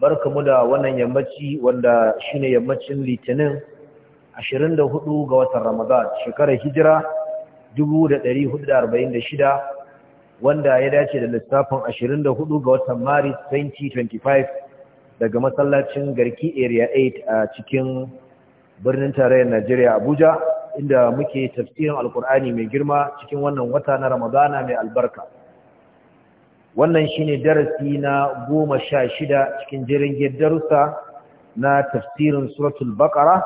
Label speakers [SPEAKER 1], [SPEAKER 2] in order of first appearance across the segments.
[SPEAKER 1] barkamu da wannan yammaci wanda shine yammacin litinin 24 ga watan ramadan shekarar hijira 1446 wanda ya dace da lissafin 24 ga watan maris 2025 daga masallacin garki area 8 a cikin birnin tarayyar najeriya abuja inda muke tafsirin alkur'ani mai girma cikin wannan wata na ramadana mai albarka wannan shine darasi na goma sha shida cikin jirgin darussa na tafsirin suratul baqara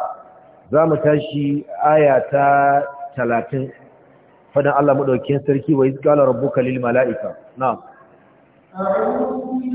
[SPEAKER 1] za mu tashi aya ta talatin fadan Allah maɗaukin sarki wa izgala rabbuka lil mala'ika na أعوذ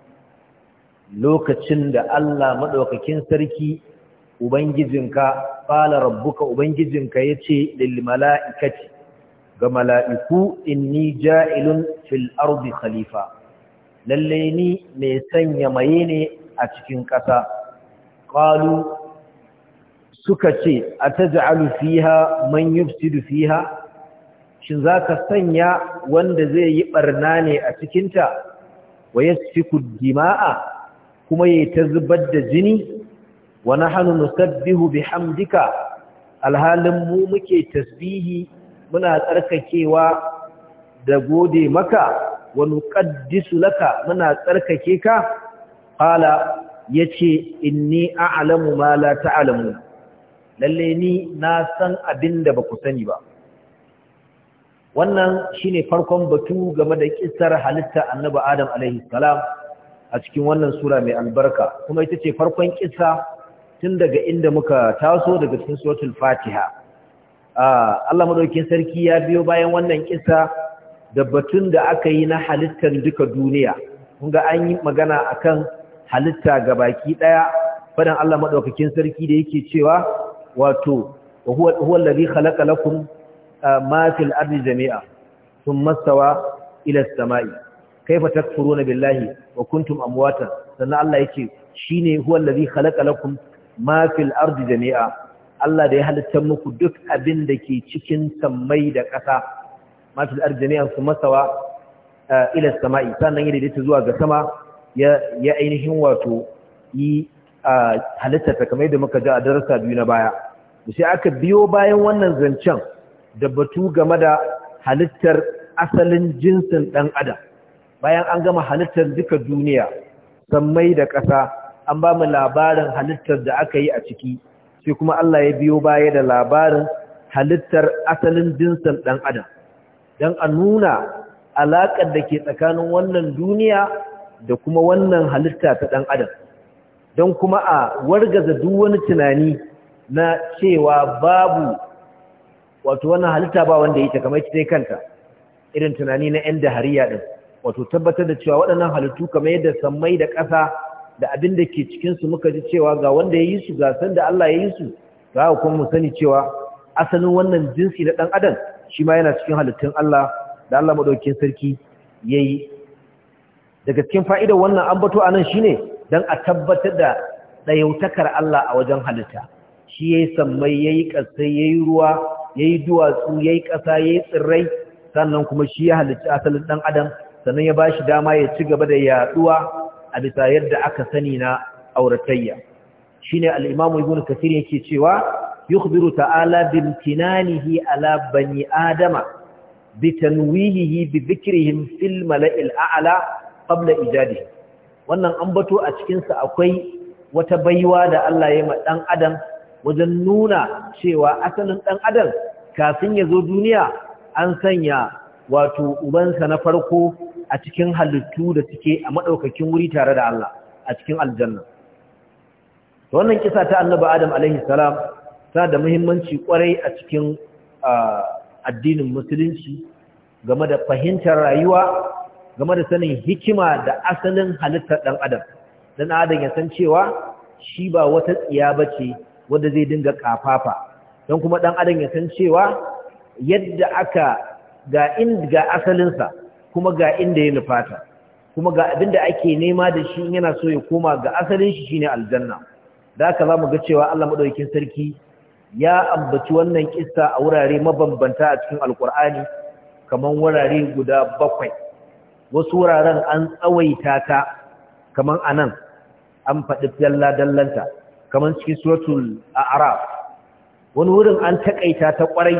[SPEAKER 1] lokacin da Allah maɗaukakin sarki Ubangijinka, fala rabbuka Ubangijinka ya ce lilmala'ikati ga mala'iku inni ja'ilun fil ardi khalifa, lalle ni mai sanya maye ne a cikin ƙasa. Ƙalu suka ce, a ta ja'alu fiha man yufsidu fiha, shin za ka sanya wanda zai yi ɓarna ne a cikinta, wa yasfiku dima'a kuma yi ta zubar da jini wa nahnu bi hamdika alhalin mu muke tasbihi muna tsarkakewa da gode maka wa nuqaddisu laka muna tsarkake ka qala yace inni a'lamu ma la ta'lamu lalle ni na san abinda ba ku sani ba wannan shine farkon batu game da kissar halitta annabi Adam alaihi salam a cikin wannan sura mai albarka kuma ita ce farkon kisa tun daga inda muka taso daga cikin suratul fatiha Allah madaukakin sarki ya biyo bayan wannan kisa, da batun da aka yi na halittar duka duniya kun ga an yi magana akan halitta gabaki daya fadan Allah madaukakin sarki da yake cewa wato huwa huwa allazi khalaqa lakum ma fil ardi jami'a thumma stawa ila as-sama'i kaifa takfuruna billahi wa kuntum amwatan sannan Allah yake shine huwa allazi khalaqa lakum ma fil ardi jami'a Allah da ya halitta muku duk abin da ke cikin sammai da ƙasa ma fil ardi jami'a kuma sawa ila sama'i sannan ya daidaita zuwa ga sama ya ya ainihin wato yi halitta ta kamar muka ji a darasa biyu na baya sai aka biyo bayan wannan zancen da batu game da halittar asalin jinsin ɗan adam bayan an gama halittar duka duniya sammai da ƙasa an ba mu labarin halittar da aka yi a ciki sai kuma Allah ya biyo baya da labarin halittar asalin jinsin ɗan adam don a nuna alaƙar da ke tsakanin wannan duniya da kuma wannan halitta ta ɗan adam don kuma a wargaza duk wani tunani na cewa babu wato wannan halitta ba wanda ya ta kamar ita kanta irin tunani na 'yan dahariya ɗin wato tabbatar da cewa waɗannan halittu kamar yadda sammai da ƙasa da abin da ke cikinsu muka ji cewa ga wanda ya yi su ga san da Allah ya yi su ga kuma musani sani cewa asalin wannan jinsi na ɗan adam shi ma yana cikin halittun Allah da Allah maɗaukin sarki ya yi daga cikin fa'idar wannan ambato a nan shi ne don a tabbatar da ɗayautakar Allah a wajen halitta shi ya yi sammai ya yi ƙasa, ya yi ruwa ya yi duwatsu ya yi ƙasa ya yi tsirrai sannan kuma shi ya halitta asalin ɗan adam sannan ya ba shi dama ya ci gaba da yaduwa a bisa yadda aka sani na auratayya shine ne imamu ibn kathir yake cewa yukhbiru ta'ala bi ala bani adama bi tanwihihi bi dhikrihim fil mala'il a'la qabla ijadihi wannan bato a cikinsa akwai wata baiwa da Allah ya ma ɗan adam wajen nuna cewa asalin ɗan adam kafin ya zo duniya an sanya wato ubansa na farko a cikin halittu da suke a maɗaukakin wuri tare da Allah a cikin aljanna wannan kisa ta annaba adam alaihi salam ta da muhimmanci kwarai a cikin addinin musulunci game da fahimtar rayuwa game da sanin hikima da asalin halittar ɗan adam dan adam ya san cewa shi ba wata tsiya ba ce, wadda zai dinga kafafa don kuma ɗan adam ya san cewa yadda aka ga ga asalinsa kuma ga inda ya nufata kuma ga abin da ake nema da shi yana so ya koma ga asalin shi shine aljanna da haka zamu ga cewa Allah madaukakin sarki ya ambaci wannan kissa a wurare mabambanta a cikin alkur'ani kaman wurare guda bakwai wasu wuraren an tsawaita ta kaman anan an faɗi dalla dallanta kaman cikin suratul a'raf wani wurin an takaita ta kwarai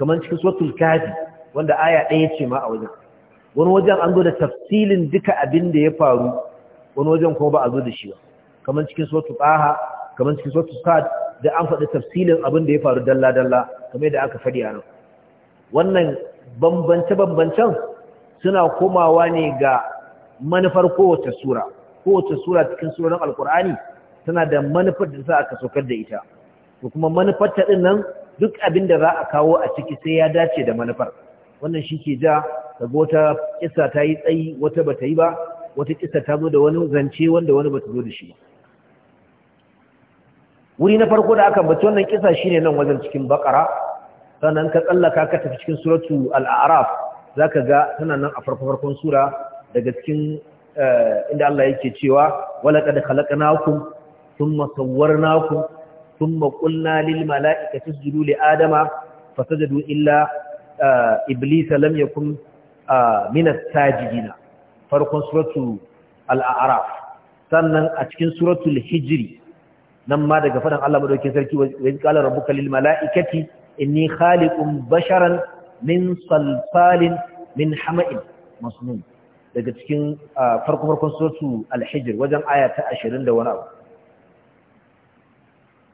[SPEAKER 1] kaman cikin suratul kafi wanda aya ɗaya ce ma a wajen wani wajen an zo da tafsilin duka abin da ya faru wani wajen kuma ba a zo da shi ba kamar cikin sautu tsaha kamar cikin sautu sad da an faɗi tafsilin abin da ya faru dalla-dalla kamar da aka faɗi a nan wannan bambance-bambancen suna komawa ne ga manufar kowace sura kowace sura cikin surorin alkur'ani tana da manufar da za a kasokar da ita to kuma manufar ta ɗin nan duk abin da za a kawo a ciki sai ya dace da manufar wannan shi ke ja kaga wata kissa ta yi tsayi wata bata yi ba wata kissa ta zo da wani zance wanda wani bata zo da shi ba wuri na farko da aka bace wannan kissa shine nan wajen cikin bakara sannan ka tsallaka ka tafi cikin suratu al-a'raf zaka ga tana nan a farko farkon sura daga cikin eh, inda Allah yake cewa walaqad khalaqnakum thumma sawwarnakum thumma qulna lil mala'ikati isjudu li adama fasajadu illa eh, iblisa lam yakun minas sajidina farkon suratu al'araf sannan a cikin suratul hijri nan ma daga fadan Allah madaukakin sarki wa qala rabbuka lil mala'ikati inni khaliqun basharan min salsalin min hama'in masnun daga cikin farkon farkon suratu al-hijr wajen aya ta 20 da wani abu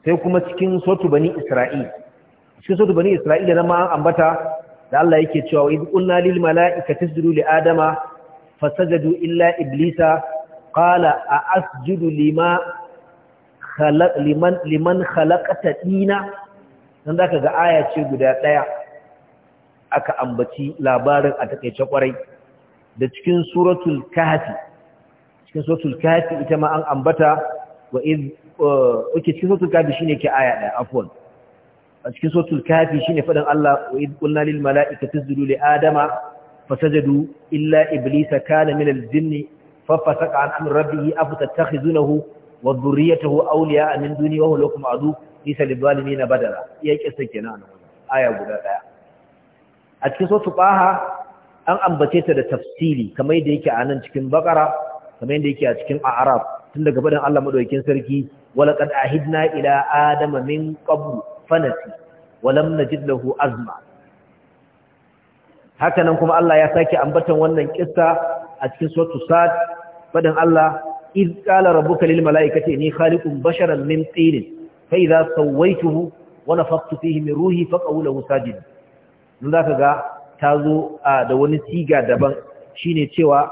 [SPEAKER 1] sai kuma cikin suratu bani isra'il cikin suratu bani isra'il nan ma an ambata da Allah yake cewa idh qulna lil mala'ikati isjudu li adama fasajadu illa iblisa qala a asjudu lima khalaq liman liman khalaqata dina dan zaka ga aya ce guda daya aka ambaci labarin a takeice kwarai da cikin suratul kahfi cikin suratul kahfi ita ma an ambata wa idh uke uh, cikin suratul kahfi shine ke aya daya afwan a cikin suratul kafi shine faɗin Allah wa id qulna lil adama fasajadu illa iblisa kana min al-jinni fafasaqa an amri rabbih afatattakhizunahu wa dhurriyyatahu awliya'a min duni wa huwa lakum adu isa lil zalimin badala iya kissa aya guda ɗaya. a cikin suratul baha an ambace ta da tafsiri kamar yadda yake a nan cikin baƙara, kamar yadda yake a cikin a'raf tun daga faɗin Allah maɗaukin sarki a ahidna ila adama min qablu fanasi walam najid lahu azma hakanan kuma Allah ya sake ambatan wannan kissa a cikin suratul sad fadin Allah id qala rabbuka lil malaikati inni khaliqun basharan min tin fa idha sawaituhu wa nafakhtu fihi min ruhi fa qawluhu sajid mun zaka ga tazo da wani siga daban shine cewa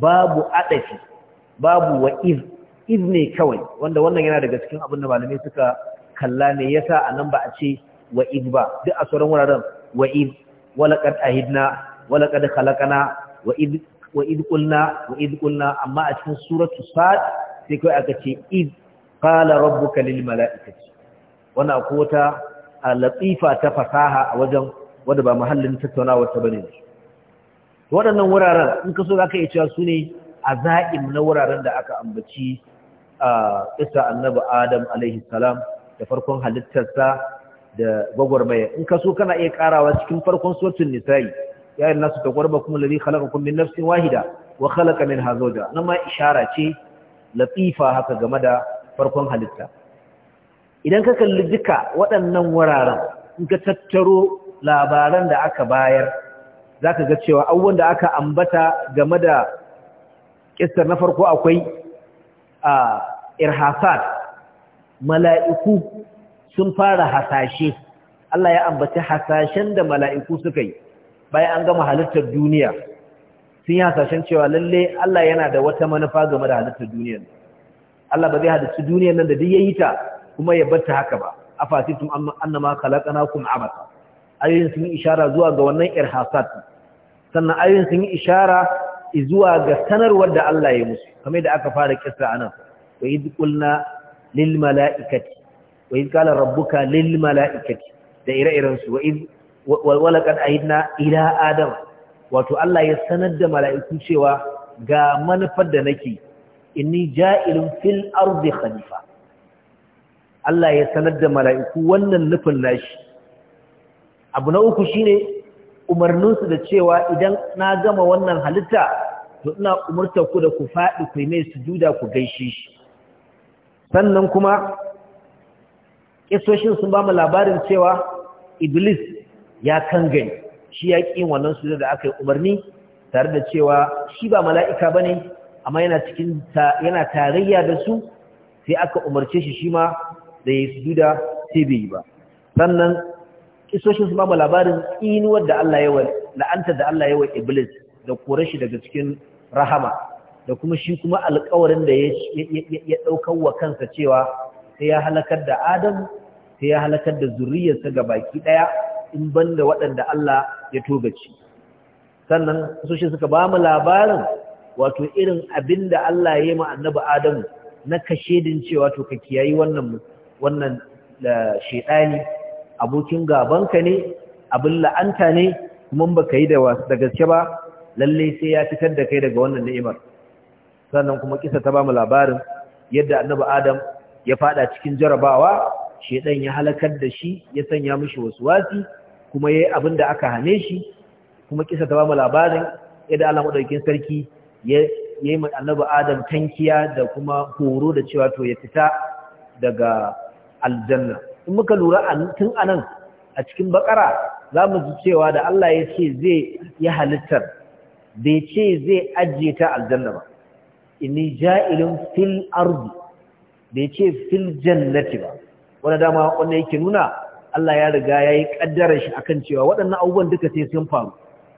[SPEAKER 1] babu adafi babu wa iz iz kawai wanda wannan yana daga cikin abin da malamai suka kalla me yasa anan ba a ce wa ba duk a sauran wuraren wa id walaqad ahidna walaqad khalaqana wa id wa id amma a cikin suratu sad sai kai aka ce id qala rabbuka lil malaikati wannan akwai a latsifa ta fasaha a wajen wadda ba mahallin tattaunawa ta bane waɗannan wuraren in ka so zaka iya cewa su ne azaim na wuraren da aka ambaci a isa annabi adam alaihi salam da farkon halittarsa da gwagwarmaya in ka so kana iya karawa cikin farkon suratul nisa'i ya ayyuhan nasu taqrabukum alladhi khalaqakum min nafsin wahida wa khalaqa minha zawja nan ma ishara ce latifa haka game da farkon halitta idan ka kalli duka waɗannan wuraren in ka tattaro labaran da aka bayar zaka ga cewa abubuwan da aka ambata game da kissar na farko akwai a ah, irhasat mala'iku sun fara hasashe Allah ya ambaci hasashen da mala'iku suka yi bayan an gama halittar duniya sun yi hasashen cewa lalle Allah yana da wata manufa game da halittar duniyar Allah ba zai halittu duniyar nan da duk ya yi ta kuma ya bar ta haka ba a fasitun annama khalaqnakum abasa ayoyin sun yi ishara zuwa ga wannan irhasat sannan ayoyin sun yi ishara zuwa ga sanarwar da Allah ya musu kamar da aka fara kisa anan wa idh qulna lil mala'ikati wa iz qala rabbuka lil mala'ikati da ire-iren su wa iz walaqad aidna ila adam wato Allah ya sanar da mala'iku cewa ga manufar da nake inni ja'ilun fil ardi khalifa Allah ya sanar da mala'iku wannan nufin nashi abu na uku shine umarninsu da cewa idan na gama wannan halitta to ina umarta ku da ku faɗi ku mai sujuda ku gaishe shi sannan kuma ƙisoshin sun ba mu labarin cewa iblis ya kan gani shi ya ƙi wannan su da aka yi umarni tare da cewa shi ba mala'ika ba ne amma yana tarayya da su sai aka umarce shi shi ma da ya su duda sai bai yi ba sannan ƙisoshin sun ba mu labarin inuwar da Allah yawa la'antar da Allah yawa iblis da kore shi daga cikin rahama da kuma shi kuma alƙawarin da ya ɗaukar wa kansa cewa sai ya halakar da Adam sai ya halakar da zuriyarsa ga baki ɗaya in banda waɗanda Allah ya togaci sannan soshi suka ba mu labarin wato irin abin da Allah ya yi ma annabi Adam na kashe din cewa to ka kiyayi wannan wannan eh, shedani abokin gabanka ne abin la'anta ne kuma baka yi da wasu gaske ba lallai sai ya fitar da kai daga wannan ni'imar sannan kuma kisa ta bamu labarin yadda annabi adam ya fada cikin jarabawa shedan ya halakar da shi ya sanya mishi waswasi kuma yayi abin da aka hane shi kuma kisa ta bamu labarin yadda Allah madaukakin sarki ya yayi annabi adam tankiya da kuma horo da cewa to ya fita daga aljanna in muka lura tun anan a cikin bakara za mu ji cewa da Allah ya ce zai yi halittar bai ce zai ajiye ta aljanna ba inni ja'ilun fil ardi bai ce fil jannati ba wanda dama wanda yake nuna Allah ya riga ya yi kaddarar shi akan cewa waɗannan abubuwan duka sai sun faru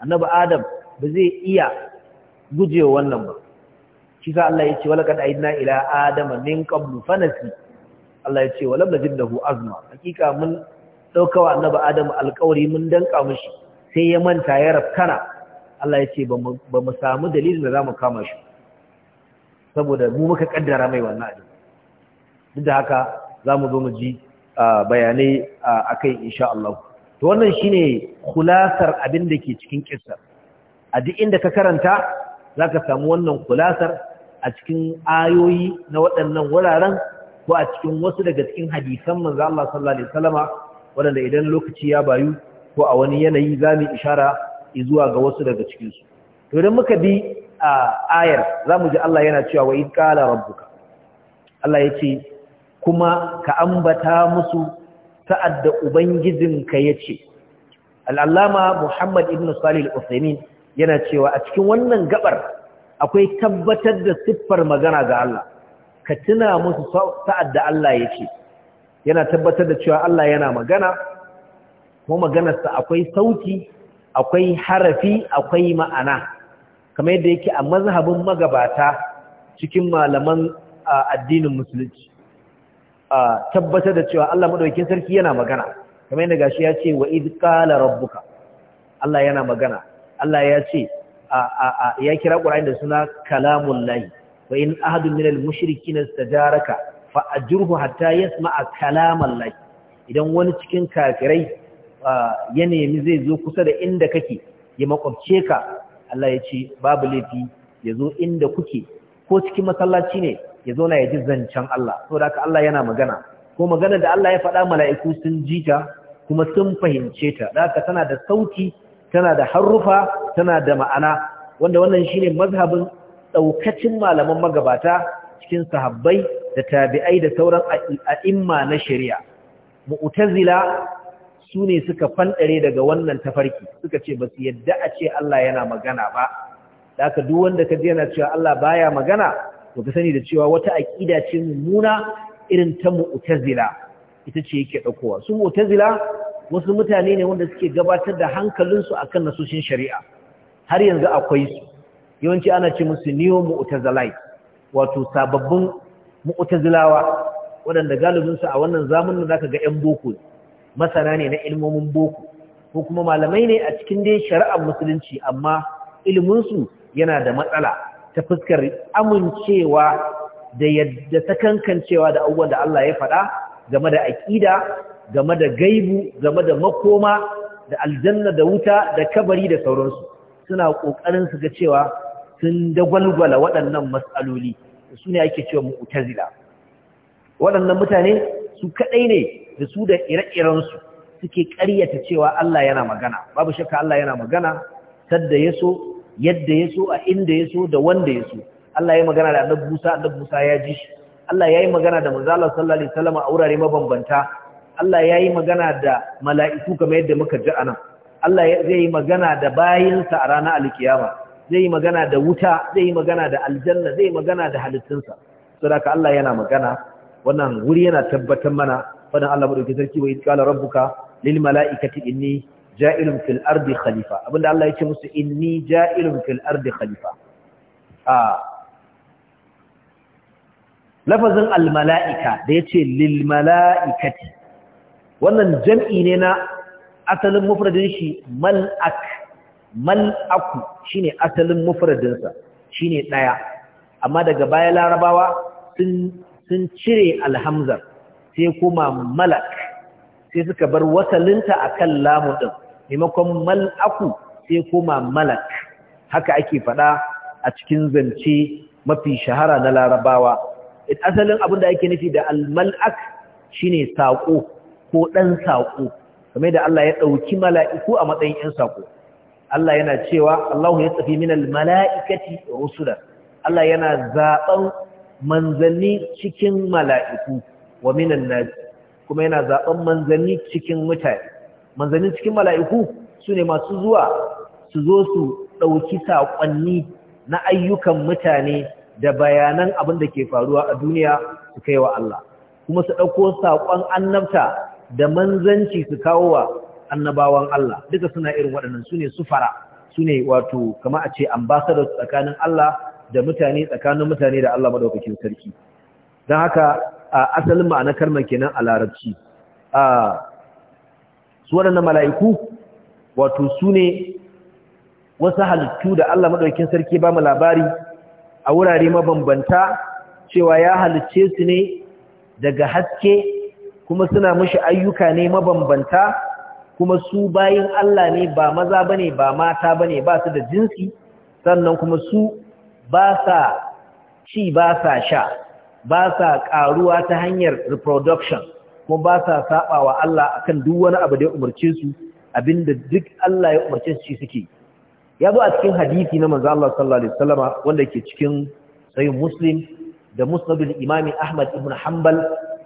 [SPEAKER 1] annabi adam ba zai iya gujewa wannan ba shi sa Allah ya ce wala kad aidna ila adama min qablu fanasi Allah ya ce wala najidnahu azma hakika mun wa annabi adam alƙawari mun danka mishi sai ya manta ya rafkana Allah ya ce ba mu samu dalilin da zamu kama shi saboda mu muka kaddara mai wannan abin duk da haka za mu zo mu ji bayanai a kai insha Allah to wannan shine kulasar abin da ke cikin kissa a duk inda ka karanta za ka samu wannan kulasar a cikin ayoyi na waɗannan wuraren ko a cikin wasu daga cikin hadisan manzo Allah sallallahu alaihi wasallama waɗanda idan lokaci ya bayu ko a wani yanayi za mu ishara zuwa ga wasu daga cikinsu to idan muka bi A ayar za mu ji Allah yana cewa wa ƙala rabbuka Allah ya ce kuma ka ambata musu sa'ad da Ubangijinka ya ce al'allama Muhammad ibn Salih al'Uthaimin yana cewa a cikin wannan gabar akwai tabbatar da siffar magana ga Allah ka tuna musu ta'adda da Allah ya ce yana tabbatar da cewa Allah yana magana kuma maganarsa akwai sauti akwai harafi akwai ma'ana kamar yadda yake a mazhabin magabata cikin malaman addinin musulunci tabbatar da cewa Allah madaukakin sarki yana magana kamar yadda gashi ya ce wa id qala rabbuka Allah yana magana Allah ya ce ya kira Qur'ani da suna kalamul lahi wa in ahadun minal mushrikin istajaraka fa ajruhu hatta yasma'a kalamal lahi idan wani cikin kafirai ya nemi zai zo kusa da inda kake ya makwabce ka Allah ya ce babu laifi ya zo inda kuke ko cikin masallaci ne ya zo na ya ji zancen Allah saboda haka Allah yana magana ko magana da Allah ya faɗa mala'iku sun ji ta kuma sun fahimce ta da haka tana da sauti tana da harufa tana da ma'ana wanda wannan shine mazhabin daukacin malaman magabata cikin sahabbai da tabi'ai da sauran a'imma na shari'a mu'tazila su ne suka fanɗare daga wannan tafarki suka ce ba su yadda a ce Allah yana magana ba da aka duk wanda ka yana cewa Allah baya magana to ka sani da cewa wata aƙida ce mummuna irin ta mu'tazila ita ce yake ɗaukowa su mu'tazila wasu mutane ne wanda suke gabatar da hankalinsu a kan nasoshin shari'a har yanzu akwai su yawanci ana ce musu neo mu'tazilai wato sababbin mu'tazilawa waɗanda galibinsu a wannan zamanin zaka ga 'yan boko ne masana ne na ilmomin boko ko kuma malamai ne a cikin dai shari'ar musulunci amma ilminsu yana da matsala ta fuskar amincewa da yadda sakankancewa da abubuwan da Allah ya faɗa game da aƙida game da gaibu game da makoma da aljanna da wuta da kabari da sauransu suna ƙoƙarin su ga cewa sun dagwalgwala waɗannan matsaloli su ne ake cewa mu'tazila waɗannan mutane su kaɗai ne da su da ire-irensu suke ƙaryata cewa Allah yana magana babu shakka Allah yana magana sadda ya so yadda ya so a inda ya so da wanda ya so Allah ya magana da annabi Musa annabi Musa ya ji shi Allah ya yi magana da manzo sallallahu alaihi wasallam a wurare mabambanta Allah ya yi magana da mala'iku kamar yadda muka ji anan Allah zai yi magana da bayinsa a ranar alkiyama zai yi magana da wuta zai yi magana da aljanna zai yi magana da halittunsa saboda Allah yana magana wannan wuri yana tabbatar mana fadan Allah madaukakin sarki wa idh qala rabbuka lil mala'ikati inni ja'ilun fil ardi khalifa abinda Allah yake musu inni ja'ilun fil ardi khalifa a lafazin al mala'ika da yace lil mala'ikati wannan jam'i ne na asalin mufradin shi mal'ak mal'aku shine asalin mufradin sa shine daya amma daga baya larabawa sun sun cire alhamzar sai kuma malak sai suka bar wasalinta akan lamu din maimakon malaku sai kuma malak haka ake fada a cikin zance mafi shahara na larabawa asalin abin da ake nufi da al-malak shine saƙo ko ɗan saƙo. kamar da Allah ya ɗauki mala'iku a matsayin yan sako Allah yana cewa Allahu ya tafi al mala'ikati rusula Allah yana zaɓen manzanni cikin mala'iku wa minan nas kuma yana zaben manzanni cikin mutane manzanni cikin mala'iku sune masu zuwa su zo su ɗauki saƙonni na ayyukan mutane da bayanan abin da ke faruwa a duniya su kai wa Allah kuma su ɗauko saƙon annabta da manzanci su kawo wa annabawan Allah duka suna irin waɗannan sune sufara sune wato kama a ce ambassador tsakanin Allah da mutane tsakanin mutane da Allah madaukakin sarki don haka asalin ma'ana kalmar kenan a larabci su waɗannan mala'iku wato su ne wasu halittu da Allah maɗaukin sarki ba mu labari a wurare mabambanta cewa ya halicce su ne daga haske kuma suna mashi ayyuka ne mabambanta kuma su bayin Allah ne ba maza ba ba mata bane? ne ba su da jinsi sannan kuma su ba sa ci ba sa sha ba sa ƙaruwa ta hanyar reproduction kuma ba sa saɓa wa Allah akan duk wani abu da ya umarce su abinda duk Allah ya umarce su suke ya zo a cikin hadisi na manzo Allah sallallahu alaihi wasallama wanda ke cikin sahih muslim da musnad al-imam Ahmad ibn Hanbal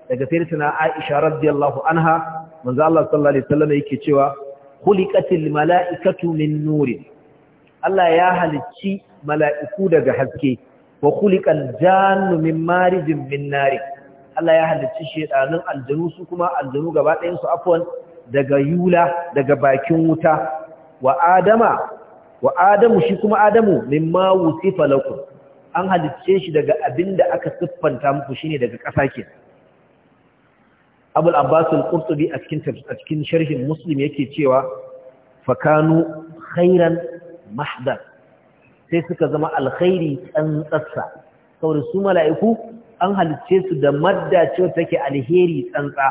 [SPEAKER 1] daga sayyidatina Aisha radiyallahu anha manzo Allah sallallahu alaihi wasallama yake cewa khuliqatil mala'ikatu min nurin Allah ya halicci mala'iku daga haske wa khuliqal jannu min marijin min nar Allah ya halicci shedanin aljanu su kuma aljanu gaba ɗayan su afwan daga yula daga bakin wuta wa adama wa adamu shi kuma adamu mimma wusifa lakum an halicce shi daga abinda aka siffanta muku shine daga ƙasa ke Abul Abbas al-Qurtubi a cikin a cikin sharhin Muslim yake cewa fakanu khairan mahdar sai suka zama alkhairi tsatsa saboda su mala'iku an halicce su da madda ce take alheri tsantsa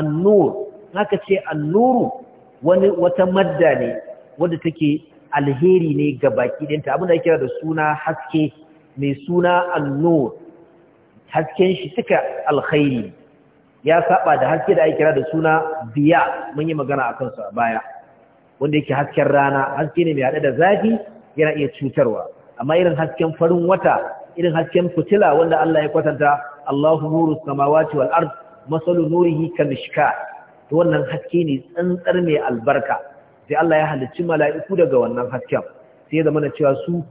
[SPEAKER 1] annur haka ce annuru wani wata madda ne wadda take alheri ne ga baki ɗinta abin da kira da suna haske mai suna annur hasken shi suka alkhairi ya saba da haske da ake kira da suna biya mun yi magana a kansu a baya wanda yake hasken rana haske ne mai haɗe da zafi yana iya cutarwa amma irin hasken farin wata irin hasken fitila wanda Allah ya kwatanta Allahu nuru samawati wal ard masalu nurihi kamishka to wannan haske ne tsantsar mai albarka sai Allah ya halicci mala'iku daga wannan hasken sai da na cewa su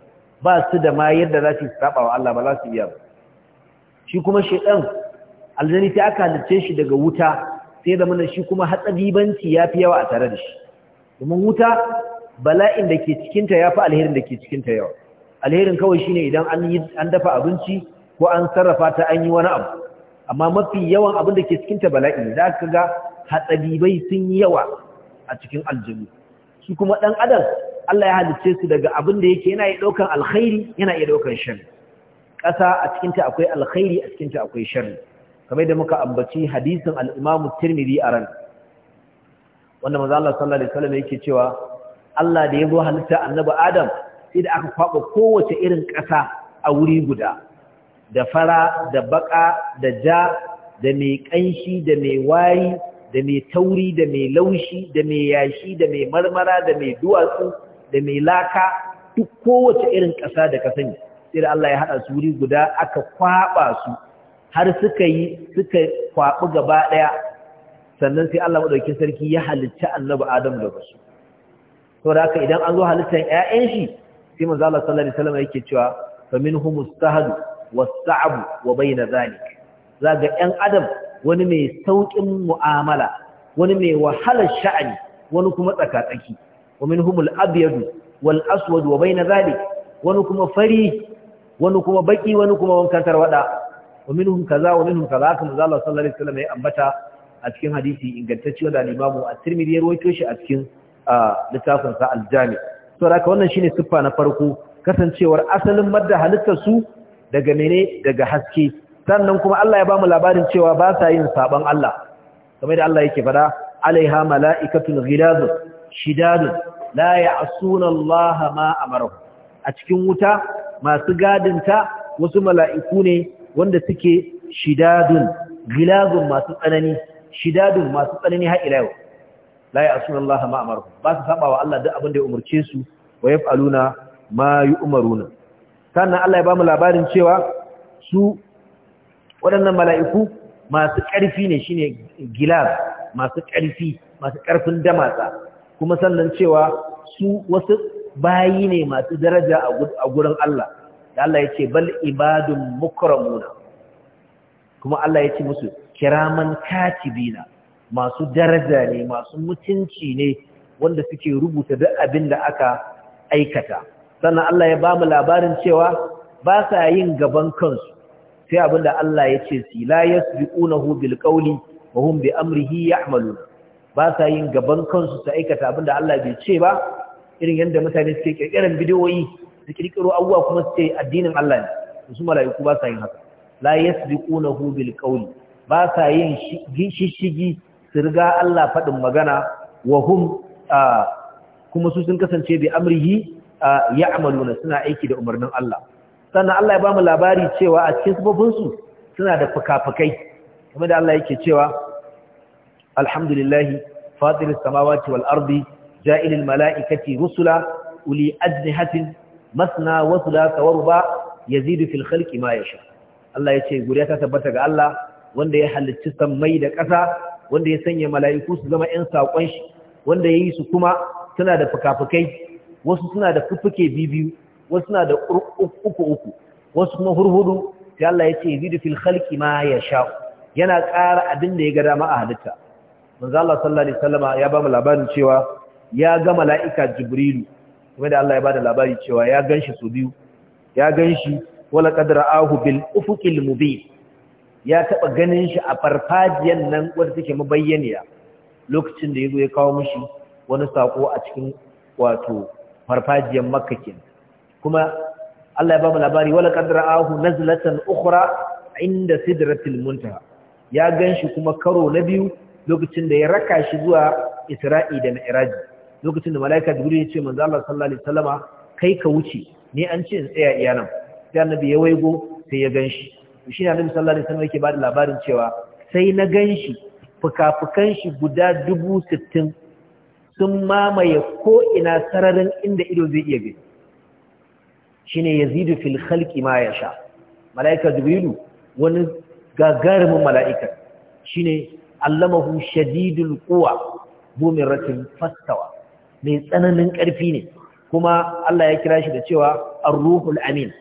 [SPEAKER 1] ba su da ma yadda za su saba wa Allah ba za su iya shi kuma shedan aljani sai aka halicce shi daga wuta sai da na shi kuma hatsabibanci yafi yawa a tare da shi domin wuta bala'in da ke cikinta ya fi alherin da ke cikinta yawa alherin kawai shine idan an dafa abinci ko an sarrafa ta an yi wani abu amma mafi yawan abin da ke cikinta bala'i za ka ga bai sun yi yawa a cikin aljanu su kuma ɗan adam Allah ya halicce su daga abin da yake yana iya ɗaukan alkhairi yana iya ɗaukan sharri ƙasa a cikinta akwai alkhairi a cikinta akwai sharri kamar da muka ambaci hadisin al-Imam Tirmidhi a ran wanda Maza Allah sallallahu alaihi wasallam yake cewa Allah da ya zo halitta annabi Adam sai da aka kwaba kowace irin ƙasa a wuri guda da fara da baka da ja da mai ƙanshi da mai wari da mai tauri da mai laushi da mai yashi da mai marmara da mai duwatsu da mai laka duk kowace irin ƙasa da ka sani sai da Allah ya haɗa su wuri guda aka kwaba su har suka yi suka kwaɓi gaba ɗaya sannan sai Allah maɗauki sarki ya halicci annabi Adam daga su saboda idan an zo halittar 'ya'yan shi sai manzo Allah sallallahu alaihi yake cewa faminhum mustahad was-sa'b wa bayna zalik Za ga 'yan adam wani mai sauƙin mu'amala wani mai wahalar sha'ani wani kuma tsakatsaki wa minhum al-abyad wal-aswad wa bayna zalik wani kuma fari wani kuma baki wani kuma wankan tarwada wa minhum kaza wa minhum kaza haka manzo Allah sallallahu alaihi wasallam ya ambata a cikin hadisi ingantacce wanda limamu, a at-Tirmidhi ya shi a cikin a littafin sa aljami so da wannan shine siffa na farko kasancewar asalin madda halittar su daga mene daga haske sannan kuma Allah ya bamu labarin cewa ba sa yin saban Allah kamar da Allah yake fada alaiha mala'ikatun ghilazun shidadun la ya'suna Allah ma amara a cikin wuta masu gadinta wasu mala'iku ne wanda suke shidadun gilazun masu tsanani shidadun masu tsanani har ila yau la a Allah ma amaru ba su saba wa Allah duk abin da ya umurce su wa yaf'aluna ma yu'maruna sannan Allah ya bamu labarin cewa su waɗannan mala'iku masu ƙarfi ne shine gilas masu ƙarfi masu ƙarfin damatsa kuma sannan cewa su wasu bayi ne masu daraja a gurin Allah da Allah ya ce bal ibadun mukramuna kuma Allah ya ce musu kiraman katibina masu daraja ne masu mutunci ne wanda suke rubuta duk abin da aka aikata sannan Allah ya ba mu labarin cewa ba sa yin gaban kansu sai abin da Allah ya ce si la yasbiqunahu bil qawli wa hum bi amrihi ya'malun ba sa yin gaban kansu su aikata abin da Allah bai ce ba irin yadda mutane suke kirkiran bidiyoyi su kirkiro abubuwa kuma su ce addinin Allah ne su mala'iku ba sa yin haka la yasbiqunahu bil qawli ba sa yin shishigi su riga Allah faɗin magana wa hum kuma su sun kasance bi amrihi ya'maluna suna aiki da umarnin Allah sannan Allah ya bamu labari cewa a cikin sifofin su suna da fakafakai kuma da Allah yake cewa alhamdulillahi fatiris samawati wal ardi ja'ilil mala'ikati rusula uli ajnihatin masna wa thulatha wa ya yazidu fil khalqi ma yasha Allah ce guriya ta tabbata ga Allah wanda ya halicci sammai da ƙasa wanda ya sanya mala'iku su zama ‘yan saƙon shi wanda ya yi su kuma suna da fuka-fukai wasu suna da fuffuke biyu wasu suna da uku-uku wasu kuma hurhudu sai Allah ya ce zidu fil khalqi ma ya sha yana ƙara abin da ya ga dama a halitta manzo Allah sallallahu alaihi wasallama ya ba mu labarin cewa ya ga mala'ika jibrilu kuma da Allah ya ba da labari cewa ya ganshi su biyu ya ganshi wala qad ra'ahu bil ufuqil mubin ya taɓa ganin shi a farfajiyar nan wadda take mabayyaniya lokacin da ya zo ya kawo mishi wani sako a cikin wato farfajiyar makakin kuma Allah ya ba mu labari wala qad ra'ahu nazlatan ukhra inda sidratil muntaha ya ganshi kuma karo na biyu lokacin da ya raka shi zuwa Isra'i da Mi'raj lokacin da malaika Jibril ya ce manzo Allah sallallahu alaihi wasallama kai ka wuce ni an ce in tsaya iya nan sai annabi ya waigo sai ya ganshi shi ne annabi sallallahu alaihi wasallam yake bada labarin cewa sai na ganshi fukafukan shi guda dubu sittin sun mamaye ko ina sararin inda ido zai iya gani shine yazidu fil khalqi ma yasha malaika jibrilu wani gagarumin mala'ika shine allamahu shadidul quwa bumiratin fastawa mai tsananin ƙarfi ne kuma Allah ya kira shi da cewa ar-ruhul amin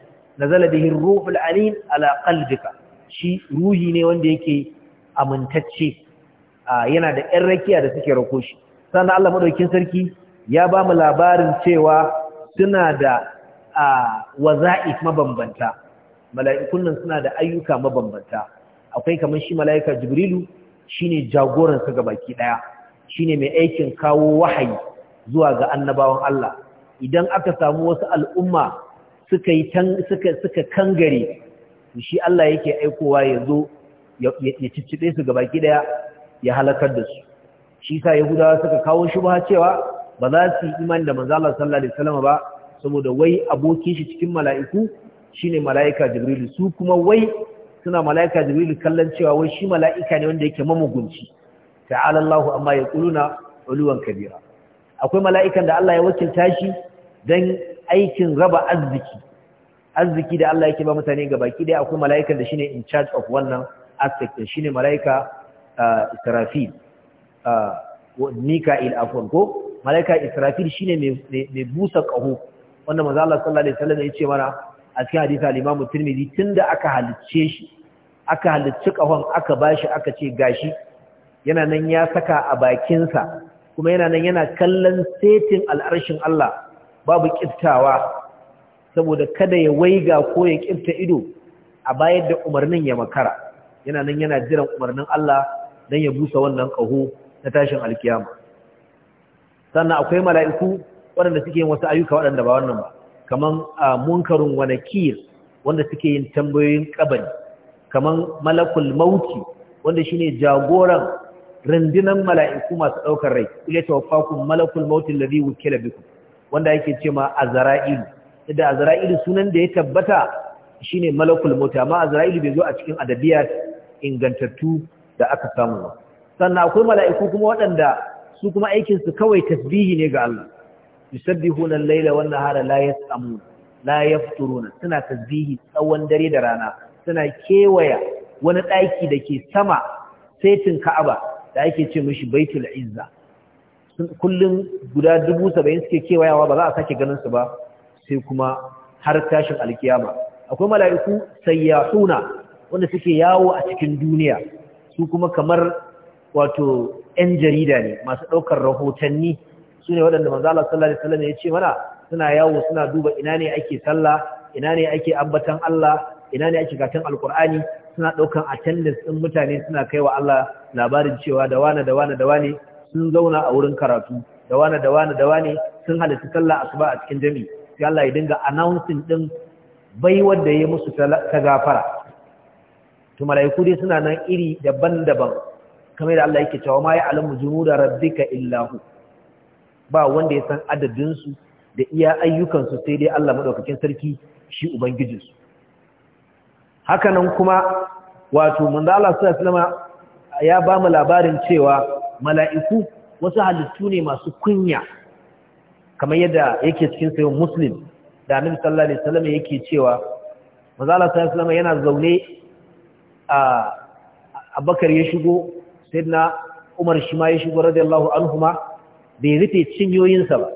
[SPEAKER 1] nazala bihi ruhul amin ala qalbika shi ruhi ne wanda yake amintacce yana da yan rakiya da suke rako shi sannan Allah maɗaukin sarki ya ba mu labarin cewa suna da waza'if mabambanta mala'ikun nan suna da ayyuka mabambanta akwai kamar shi mala'ika jibrilu shine jagoran jagoransa ga baki daya shine mai aikin kawo wahayi zuwa ga annabawan Allah idan aka samu wasu al'umma suka yi suka suka kangare shi Allah yake aikowa ya ya gaba su gabaki daya ya halakar da su shi sa yahudawa suka kawo shubha cewa ba za su yi imani da manzo Allah sallallahu alaihi wasallam ba saboda wai abokin shi cikin mala'iku shine mala'ika jibril su kuma wai suna mala'ika jibril kallon cewa wai shi mala'ika ne wanda yake mamugunci ta'ala Allahu amma yaquluna uluwan kabira akwai mala'ikan da Allah ya wakilta shi dan aikin raba arziki arziki da Allah yake ba mutane ga baki dai akwai mala'ikan da shine in charge of wannan aspect din shine mala'ika Israfil Mika'il afwan ko mala'ika Israfil shine mai busa kaho wanda manzo Allah sallallahu alaihi wasallam ce mana a cikin hadisi al-Imam Tirmidhi tunda aka halicce shi aka halicci kahon aka bashi aka ce gashi yana nan ya saka a bakinsa kuma yana nan yana kallon setin al'arshin Allah babu kiftawa saboda kada ya waiga ko ya kifta ido a bayar da umarnin ya makara yana nan yana jiran umarnin Allah dan ya busa wannan kaho na tashin alkiyama sannan akwai mala'iku waɗanda suke yin wasu ayyuka waɗanda ba wannan ba kaman munkarun wa nakir wanda suke yin tambayoyin kabari kaman malakul mauti wanda shine jagoran rundunar mala'iku masu ɗaukar rai kule tawaffakum malakul mautin ladhi wukila bikum wanda yake ce ma azra'ilu da azra'ilu sunan da ya tabbata shine malakul mota. amma azra'il bai zo a cikin adabiyat ingantattu da aka samu ba sannan akwai mala'iku kuma waɗanda su kuma aikin su kawai tasbihi ne ga Allah yusabbihuna al-laila wannan nahara la yasamun la yafturuna suna tasbihi tsawon dare da rana suna kewaya wani ɗaki da ke sama saitin Ka'aba da ake ce mishi Baitul Izza kullum guda dubu saba'in suke kewayawa ba za a sake ganin su ba sai kuma har tashin alkiyama akwai mala'iku sayyahuna wanda suke yawo a cikin duniya su kuma kamar wato 'yan jarida ne masu ɗaukar rahotanni su ne waɗanda maza Allah sallallahu alaihi wasallam ya ce mana suna yawo suna duba ina ne ake sallah ina ne ake ambatan Allah ina ne ake gatan alkur'ani suna ɗaukan attendance ɗin mutane suna kaiwa Allah labarin cewa da wane da wane da wane sun zauna a wurin karatu da wane da wane da wane sun halitta kalla asuba a cikin jam'i sai Allah ya dinga announcing din bai wanda ya musu ta gafara to malaiku dai suna nan iri daban-daban kamar da Allah yake cewa ma ya alamu junuda rabbika illahu ba wanda ya san adadin su da iya ayyukan su sai dai Allah madaukakin sarki shi ubangijin su haka nan kuma wato manzo Allah sallallahu alaihi wasallam ya ba mu labarin cewa mala'iku wasu halittu ne masu kunya kamar yadda yake cikin sayon muslim da amin sallallahu alaihi salama yake cewa mazala sallallahu alaihi yana zaune a bakar ya shigo na Umar shi ma ya shigo radiyallahu anhuma bai rufe cinyoyinsa ba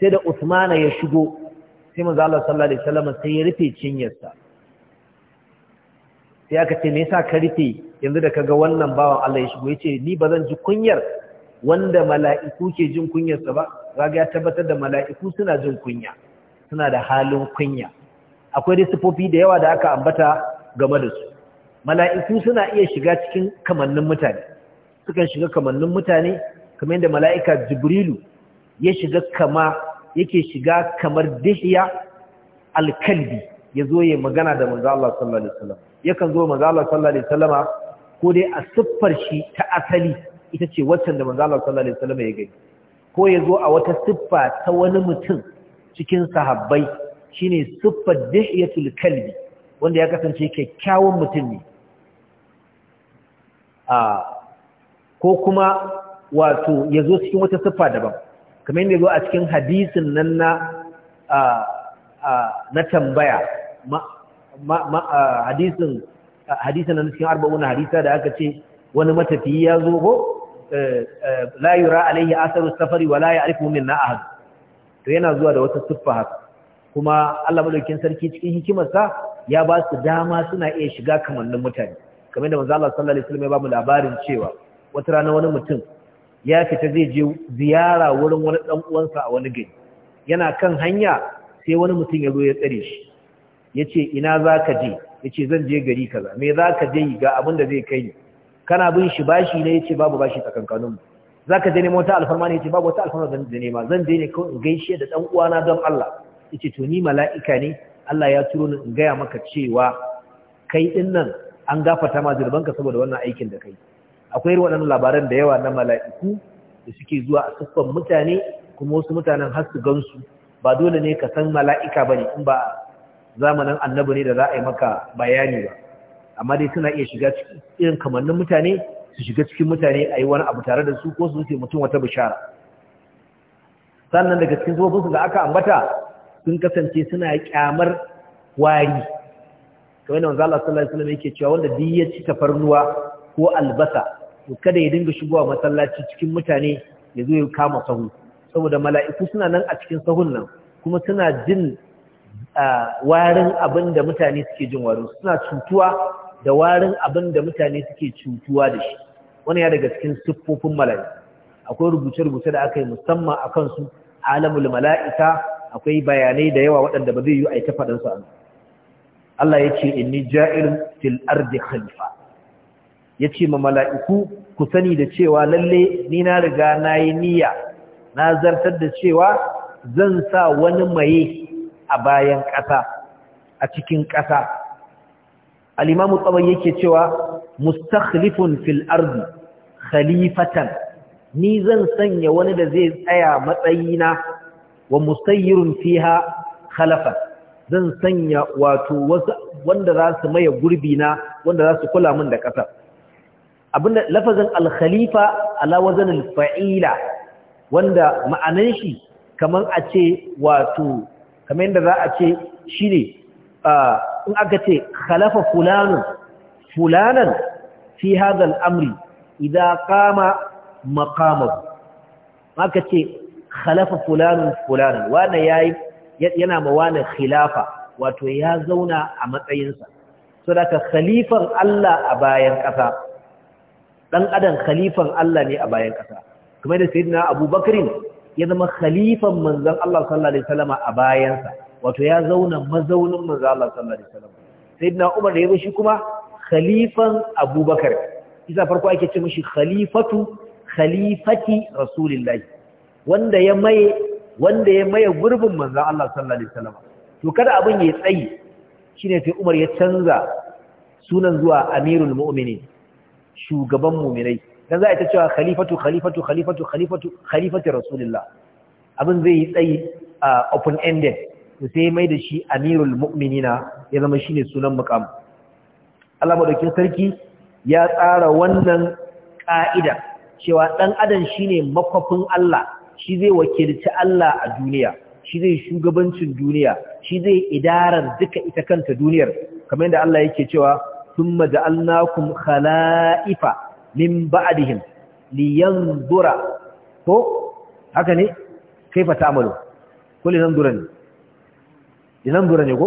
[SPEAKER 1] sai da usmana ya shigo sai mazala sallallahu alaihi salama sai ya rufe cinyarsa sai aka ce me yasa ka rufe yanzu da kaga wannan bawan Allah ya shigo yace ni bazan ji kunyar wanda mala'iku ke jin kunyarsa ba kaga ya tabbatar da mala'iku suna jin kunya suna da halin kunya akwai dai sifofi da yawa da aka ambata game da su mala'iku suna iya shiga cikin kamannin mutane sukan shiga kamannin mutane kamar yadda mala'ika jibrilu ya shiga kama yake shiga kamar dihiya alkalbi ya zo ya magana da manzo Allah sallallahu alaihi wasallam yakan zo manzalar sallallahu alaihi wasallama ko dai a siffar shi ta asali ita ce waccan da manzalar sallallahu alaihi ya gani ko ya zo a wata siffa ta wani mutum cikin sahabbai shine siffar dihiyatul kalbi wanda ya kasance kyakkyawan mutum ne a ko kuma wato ya zo cikin wata siffa daban kamar yadda ya zo a cikin hadisin nan na na tambaya hadisin hadisin nan cikin arba'un hadisa da aka ce wani matafiyi ya zo ko eh, eh, la yura alayhi asaru safari wa ya'rifu ahad to yana zuwa da wata siffa haka kuma Allah madaukin sarki cikin hikimarsa ya ba su dama suna iya shiga kamannin mutane kamar da manzo Allah sallallahu alaihi wasallam ya ba mu labarin cewa wata rana wani mutum ya fita zai je ziyara wurin wani dan uwansa a wani gari yana kan hanya sai wani mutum ya zo ya tsare shi yace ina zaka je yace zan je gari kaza me zaka je ga abin da zai kai ni kana bin shi bashi ne yace babu bashi tsakankanin mu zaka je ne mota alfarma ne yace babu wata alfarma zan je ne ma zan je ne ko in gaishe da dan uwana don Allah yace to ni mala'ika ne Allah ya turo ni in gaya maka cewa kai din nan an gafata ma zurbanka saboda wannan aikin da kai akwai waɗannan labaran da yawa na mala'iku da suke zuwa a siffan mutane kuma wasu mutanen har su gansu ba dole ne ka san mala'ika ba ne in ba zamanin annabi ne da za a yi maka bayani ba amma dai suna iya shiga cikin irin kamannin mutane su shiga cikin mutane a yi wani abu tare da su ko su wuce mutum wata bishara sannan daga cikin su da aka ambata sun kasance suna kyamar wari kamar da manzo Allah sallallahu alaihi wasallam yake cewa wanda duk ya ci tafarnuwa ko albasa to kada ya dinga shigowa masallaci cikin mutane ya zo ya kama sahu saboda mala'iku suna nan a cikin sahun nan kuma suna jin warin abin da mutane suke jin warin suna cutuwa da warin abin da mutane suke cutuwa da shi wani ya daga cikin siffofin mala'i akwai rubuce-rubuce da aka yi musamman a kansu alamul mala'ika akwai bayanai da yawa waɗanda ba zai yi a sa faɗinsu Allah ya ce inni ja'il fil ardi khalifa ya ce ma mala'iku ku sani da cewa lalle ni na riga na yi niyya na zartar da cewa zan sa wani maye a bayan ƙasa a cikin ƙasa Alimami imamu tsawon yake cewa mustakhlifun fil ardi khalifatan ni zan sanya wani da zai tsaya matsayina wa musayyirun fiha khalafa zan sanya wato wanda za su maye gurbi na wanda za su kula min da ƙasa abinda lafazin al-khalifa ala wazan al-fa'ila wanda ma'anan shi kaman a ce wato kamar yadda za a ce shi ne in aka ce khalafa fulanin fulanan fi hadal amri idan kama makamahu aka ce khalafa fulanin fulanan. wane ya yana ma khilafa wato ya zauna a matsayinsa so khalifan Allah a bayan ƙasa ɗan adam khalifan Allah ne a bayan ƙasa kuma da sayyidina abubakar ya zama khalifan manzan Allah sallallahu alaihi wasallam a bayansa wato ya zauna mazaunin manzan Allah sallallahu alaihi wasallam sayyidina Umar da yazo shi kuma khalifan Abubakar isa farko ake ce mashi khalifatu khalifati Rasulillah, wanda ya maye wanda ya maye gurbin manzan Allah sallallahu alaihi wasallam to kada abin ya tsayi shine sai Umar ya canza sunan zuwa Amirul Mu'minin shugaban mu'minai dan za a ta cewa khalifatu khalifatu khalifatu khalifatu khalifatu rasulullah abin zai yi tsayi open ended to sai mai da shi amirul mu'minina ya zama shine sunan muqam Allah madaukin sarki ya tsara wannan ka'ida cewa dan adam shine makwafin Allah shi zai wakilci Allah a duniya shi zai shugabancin duniya shi zai idarar duka ita kanta duniyar kamar yadda Allah yake cewa thumma ja'alnakum khala'ifa min ba'dihim liyanzura ko haka ne kaifa ta'malu ko liyanzura ne ne ko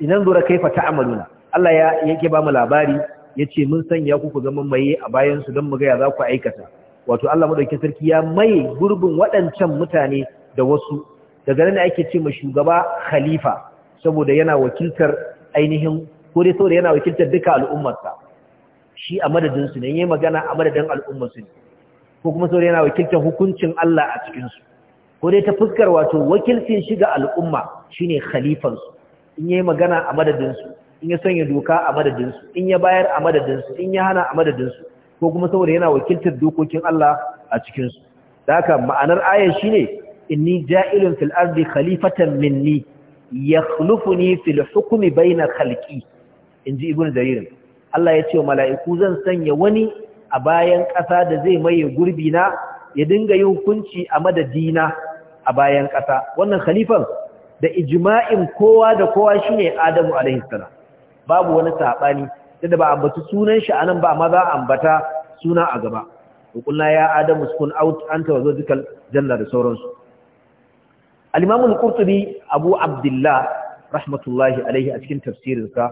[SPEAKER 1] liyanzura kaifa ta'maluna Allah ya yake ba mu labari yace mun sanya ku ku zama maye a bayan su don mu ga ya za ku aikata wato Allah ɗauki sarki ya maye gurbin waɗancan mutane da wasu daga nan ake ce ma shugaba khalifa saboda yana wakiltar ainihin ko dai saboda yana wakiltar duka al'ummarsa shi a madadin ne yayi magana a madadin al'umma su ko kuma saboda yana wakiltar hukuncin Allah a cikinsu. ko dai ta fuskar wato wakilcin shi ga al'umma shine khalifan su in yi magana a madadinsu, in ya sanya doka a madadinsu, in ya bayar a madadinsu, in ya hana a madadinsu, ko kuma saboda yana wakiltar dokokin Allah a cikinsu. da haka ma'anar ayar shine inni ja'ilun fil ardi khalifatan minni yakhlufuni fil na halki. In inji ibnu Jaririn. Allah ya ce wa mala'iku zan sanya wani a bayan ƙasa da zai maye gurbi na ya dinga yin hukunci a madadina a bayan ƙasa wannan khalifan da ijma'in kowa da kowa shine Adamu alaihi babu wani saɓani. da ba ambata sunan shi anan ba amma za ambata suna a gaba hukunna ya Adamu sukun out anta wazo zawjikal janna da sauransu al-Imam al-Qurtubi Abu Abdullah rahmatullahi alaihi a cikin tafsirinsa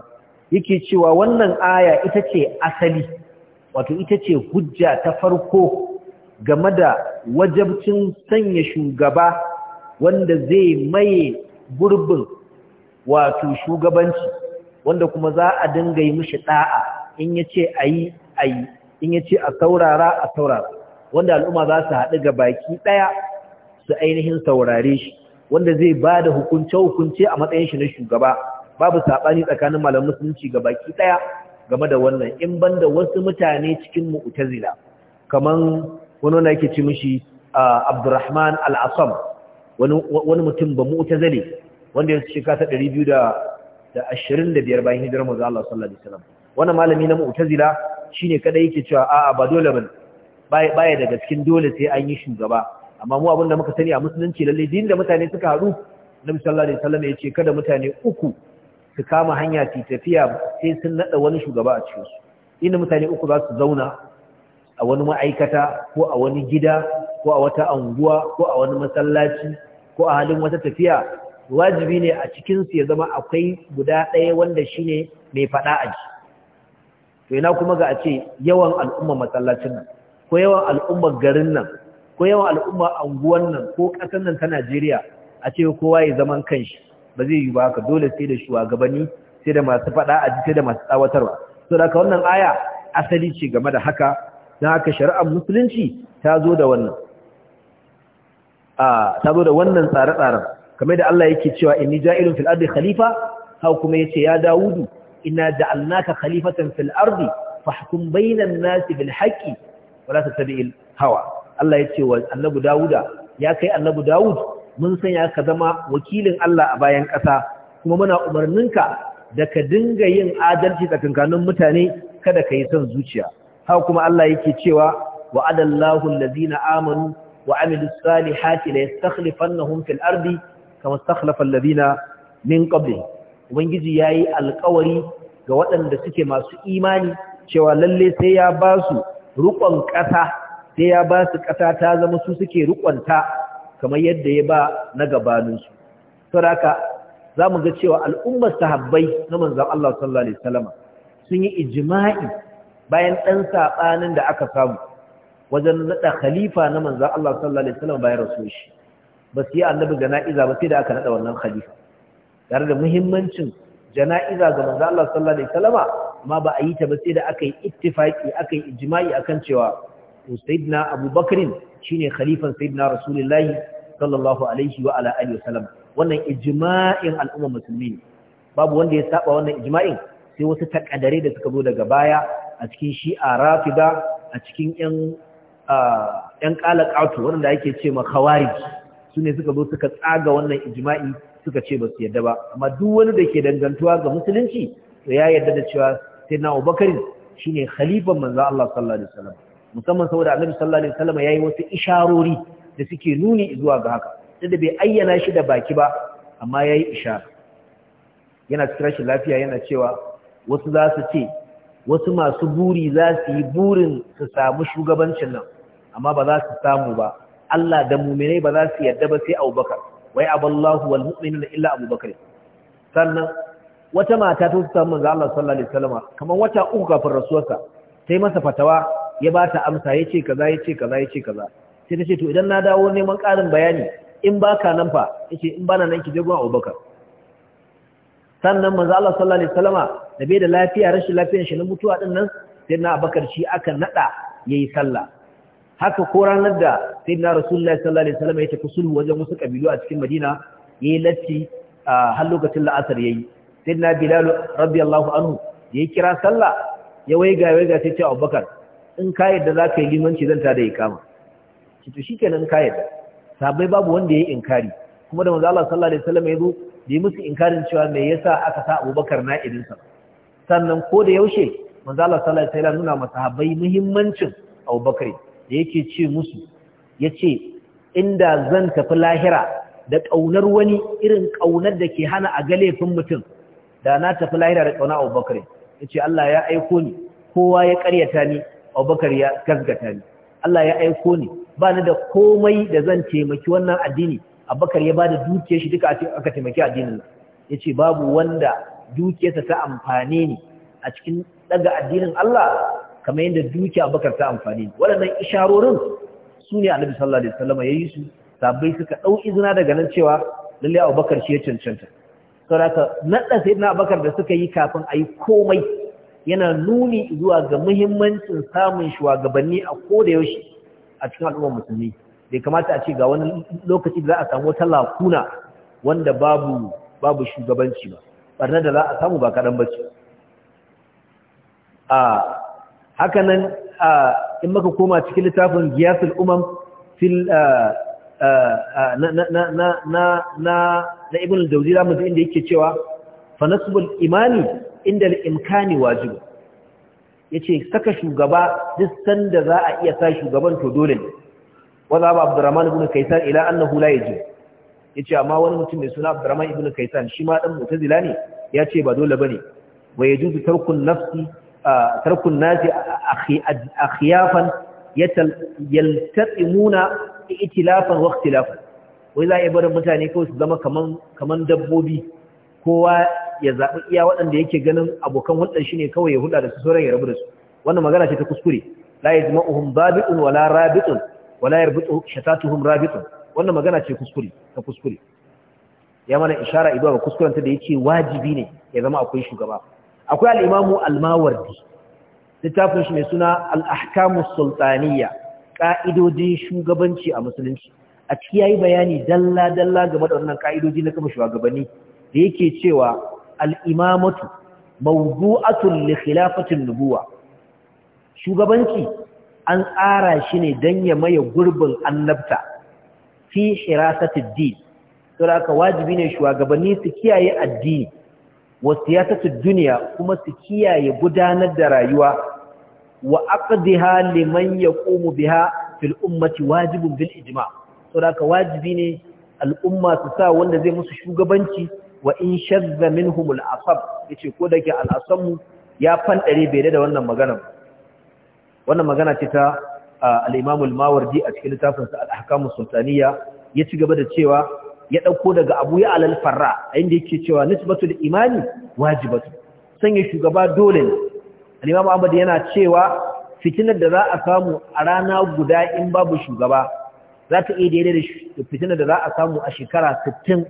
[SPEAKER 1] yake cewa wannan aya ita ce asali wato ita ce hujja ta farko game da wajabcin sanya shugaba wanda zai maye gurbin wato shugabanci wanda kuma za a dinga yi mishi da'a in yi a yi in ce a saurara a saurara wanda al'umma za su haɗu ga baki ɗaya su ainihin saurare shi wanda zai ba da hukunce-hukunce a matsayin shi na shugaba babu sabani tsakanin malamin musulunci ga baki daya game da wannan in banda wasu mutane cikin mu'tazila kaman wani wanda yake ci mishi Abdurrahman al-Asam wani wani mutum ba mu'tazili wanda ya shika ta 225 bayan hijira manzo Allah sallallahu alaihi wasallam wannan malami na mu'tazila shine kada yake cewa a'a ba dole bane baya daga cikin dole sai an yi shugaba amma mu abinda muka sani a musulunci lalle din da mutane suka haɗu nabi sallallahu alaihi wasallam ya ce kada mutane uku su kama hanya su tafiya sai sun nada wani shugaba a cikinsu inda mutane uku za su zauna a wani ma'aikata ko a wani gida ko a wata anguwa ko a wani masallaci ko a halin wata tafiya wajibi ne a cikinsu ya zama akwai guda ɗaya wanda shi ne mai faɗa a ji to ina kuma ga a ce yawan al'umma masallacin nan ko yawan al'ummar garin nan ko yawan al'ummar anguwan nan ko ƙasar nan ta najeriya a ce kowa ya zaman kanshi ba zai yi ba ka dole sai da shugabanni sai da masu faɗa a ji sai da masu tsawatarwa so da wannan aya asali ce game da haka don haka shari'ar musulunci ta zo da wannan ta zo da wannan tsare-tsaren kamar da Allah yake cewa inni ja'ilun fil ardi khalifa hau kuma yace ya dawudu inna ja'alnaka khalifatan fil ardi fahkum bainan nasi bil haqqi wa tattabi'il hawa Allah yace wa annabi dawuda ya kai annabi dawud mun sanya ka zama wakilin Allah a bayan ƙasa kuma muna umarninka da ka dinga yin adalci tsakankanin mutane kada ka yi son zuciya haka kuma Allah yake cewa wa'adallahu allazina amanu wa amilu salihati la yastakhlifannahum fil ardi kama stakhlafa allazina min qabli ubangiji yayi alƙawari ga waɗanda suke masu imani cewa lalle sai ya basu rukon riƙon ƙasa sai ya basu ƙasa ta zama su suke riƙonta kamar yadda ya ba na gabaninsu to haka za mu ga cewa al'ummar sahabbai na manzan Allah sallallahu alaihi wasallama sun yi ijima'i bayan ɗan saɓanin da aka samu wajen naɗa khalifa na manzan Allah sallallahu alaihi wasallama bayan rasu shi ba su yi annabi jana'iza ba sai da aka naɗa wannan khalifa da muhimmancin jana'iza ga manzan Allah alaihi amma ba a yi ta ba sai da aka yi ittifaqi aka yi ijima'i akan cewa Sayyidina Abu Bakrin shine khalifan sayyidina rasulullahi sallallahu alaihi wa ala alihi wasallam wannan ijma'in al'umma musulmi babu wanda ya saba wannan ijma'in sai wasu takadare da suka zo daga baya a cikin shi'a rafida a cikin yan yan qalaqatu wanda yake ce ma khawarij sune suka zo suka tsaga wannan ijma'i suka ce ba su yadda ba amma duk wani da ke dangantuwa ga musulunci to ya yarda da cewa sayyidina Abubakar shine khalifan manzo Allah sallallahu alaihi wasallam musamman saboda annabi sallallahu alaihi wasallam yayi wasu isharori da suke nuni zuwa ga haka da bai ayyana shi da baki ba amma yayi ishara yana cikin rashin lafiya yana cewa wasu za su ce wasu masu buri za su yi burin su samu shugabancin nan amma ba za su samu ba Allah da muminai ba za su yadda ba sai Abubakar wai aballahu wal mu'minuna illa Abubakar sannan wata mata ta samu manzo Allah sallallahu alaihi wasallam kamar wata uku kafin rasuwarsa sai masa fatawa ya ba ta amsa ya ce kaza ya ce kaza ya ce kaza sai ta ce to idan na dawo neman ƙarin bayani in ba ka nan fa ya ce in ba na nan ki je abubakar sannan manzo Allah sallallahu alaihi wasallama da bai da lafiya rashin lafiyar shi na mutuwa din nan sai na abubakar shi aka nada yayi sallah haka ko ranar da sai na rasulullahi sallallahu alaihi wasallama ya tafi sulhu wajen wasu kabilu a cikin Madina yayi latti har lokacin la'asar yayi sai na Bilal radiyallahu anhu ya kira sallah ya waiga waiga sai ce Abubakar in ka yadda za ka yi limanci zan ta da ya kama cito shi kenan ka yadda sabai babu wanda ya yi inkari kuma da manzo Allah sallallahu alaihi wasallam ya zo da yi musu inkarin cewa me yasa aka sa Abubakar na irinsa sannan ko da yaushe manzo Allah sallallahu alaihi wasallam nuna masahabai muhimmancin Abubakar da yake ce musu yace inda zan tafi lahira da ƙaunar wani irin ƙaunar da ke hana a laifin mutum da na tafi lahira da ƙauna abubakar ya ce Allah ya aiko ni kowa ya karyata ni abubakar ya gasgata ni Allah ya aiko ni ba ni da komai da zan taimaki wannan addini abubakar ya bada dukiyar shi duka aka taimaki addinin ya ce babu wanda dukiyarsa ta amfane ni a cikin daga addinin Allah kamar yadda dukiya abubakar ta amfane ni waɗannan isharorin su ne annabi sallallahu alaihi wasallam ya yi su sabai suka ɗau izina daga nan cewa lalle abubakar shi ya cancanta saboda naɗa sayyidina abubakar da suka yi kafin a yi komai yana nuni zuwa ga muhimmancin samun shugabanni a koda yaushe a cikin al'ummar musulmi bai kamata a ce ga wani lokaci da za a samu wata lakuna wanda babu babu shugabanci ba barna da za a samu ba kaɗan ba ce haka nan in maka koma cikin littafin giyasul umam fil na ibn al-jawzi zamu ji inda yake cewa fa nasbul imani inda al'imkani wajibu ya ce saka shugaba duk sanda za a iya sa shugaban to dole ne wadda ba abdurrahman ibn kaisan ila annahu la yaji ya ce amma wani mutum mai suna abdurrahman ibn kaisan shi ma dan zila ne ya ce ba dole bane wa yajuzu tarkun nafsi tarkun nasi akhiyafan yaltaqimuna itilafan wa wai za a yi barin mutane kawai su zama kaman dabbobi kowa ya zaɓi iya waɗanda yake ganin abokan hulɗar shi ne kawai ya hulɗa da su sauran ya rabu da su wannan magana ce ta kuskure la yajma'uhum babi'un wala rabitun wala yarbitu shatatuhum rabitun wannan magana ce kuskure ta kuskure ya mana ishara idan ga kuskuren ta da yake wajibi ne ya zama akwai shugaba akwai al-imamu al-mawardi littafin shi mai suna al-ahkamus sultaniyya ka'idodin shugabanci a musulunci a ciki yayi bayani dalla dalla game da wannan ka'idoji na kama shugabanni da yake cewa al'imamatu mawdu'atun li khilafatin nubuwa shugabanci an tsara shi ne don ya maye gurbin annabta fi shirasatin din to da wajibi ne shugabanni su kiyaye addini wa siyasatin duniya kuma su kiyaye gudanar da rayuwa wa aqdiha liman yaqumu biha fil ummati wajibin bil ijma' to da wajibi ne al'umma su sa wanda zai musu shugabanci wa in shazza minhum asab yace ko dake al-asam ya fandare bai da wannan magana wannan magana ce ta al-Imam al-Mawardi a cikin littafin sa al-Ahkam as ya ci gaba da cewa ya dauko daga Abu ya al-Farra inda yake cewa nisbatul imani wajibatu sanya shugaba dole ne al-Imam Ahmad yana cewa fitinar da za a samu a rana guda in babu shugaba za ta iya daidai da fitinar da za a samu a shekara 60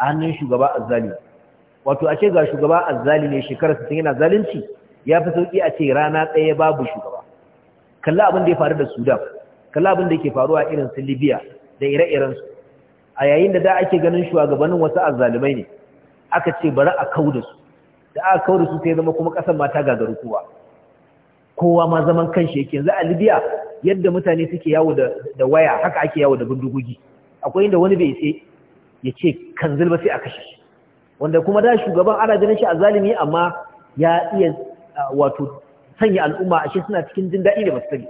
[SPEAKER 1] a hannun shugaba azzali wato a ce ga shugaba azzali ne shekarar sun yana zalunci ya fi sauki a ce rana ɗaya babu shugaba kalla abin da ya faru da sudan kalla abin da yake faruwa irin su libya da ire-iren a yayin da da ake ganin shugabannin wasu azzalumai ne aka ce bari a kau da su da aka kau da su sai zama kuma ƙasar mata gagaru kowa kowa ma zaman kanshi yake yanzu a libya yadda mutane suke yawo da waya haka ake yawo da bindigogi akwai inda wani bai sai ya ce kan zulba sai a kashe shi wanda kuma da shugaban ana ganin shi a zalimi amma ya iya wato sanya al'umma ashe suna cikin jin daɗi da masu sani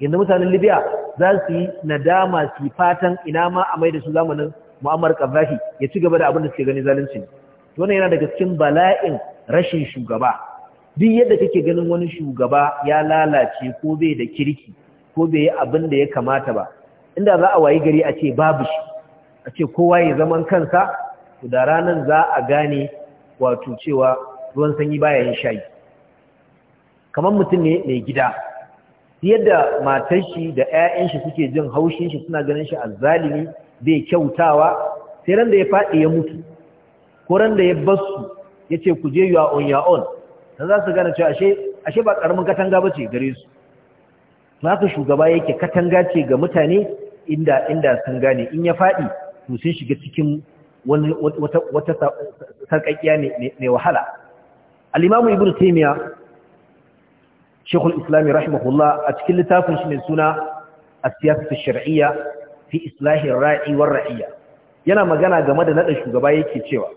[SPEAKER 1] yanzu mutanen libya za su yi nadama su fatan ina ma a mai da su zamanin mu'ammar kaddafi ya ci gaba da abin da suke gani zalunci ne wannan yana daga cikin bala'in rashin shugaba duk yadda kake ganin wani shugaba ya lalace ko bai da kirki ko bai yi abin da ya kamata ba inda za a wayi gari a ce babu shi a ce kowa ya zaman kansa da ranar za a gane wato cewa ruwan sanyi baya yin shayi kamar mutum ne mai gida yadda matar shi da 'ya'yan shi suke jin haushin shi suna ganin shi azzalimi bai kyautawa sai ran da ya faɗi ya mutu ko ran da ya basu ya ce ku je ya on ya on za su gane cewa ashe ba ƙaramin katanga ba ce gare su ka shugaba yake katanga ce ga mutane inda inda sun gane in ya faɗi to sun shiga cikin wani wata sarƙaƙiya mai wahala al-imamu ibn taymiya shekul islami rahimahullah a cikin littafin shi mai suna a siyasa shar'iyya fi islahi ra'i war ra'iyya yana magana game da naɗa shugaba yake cewa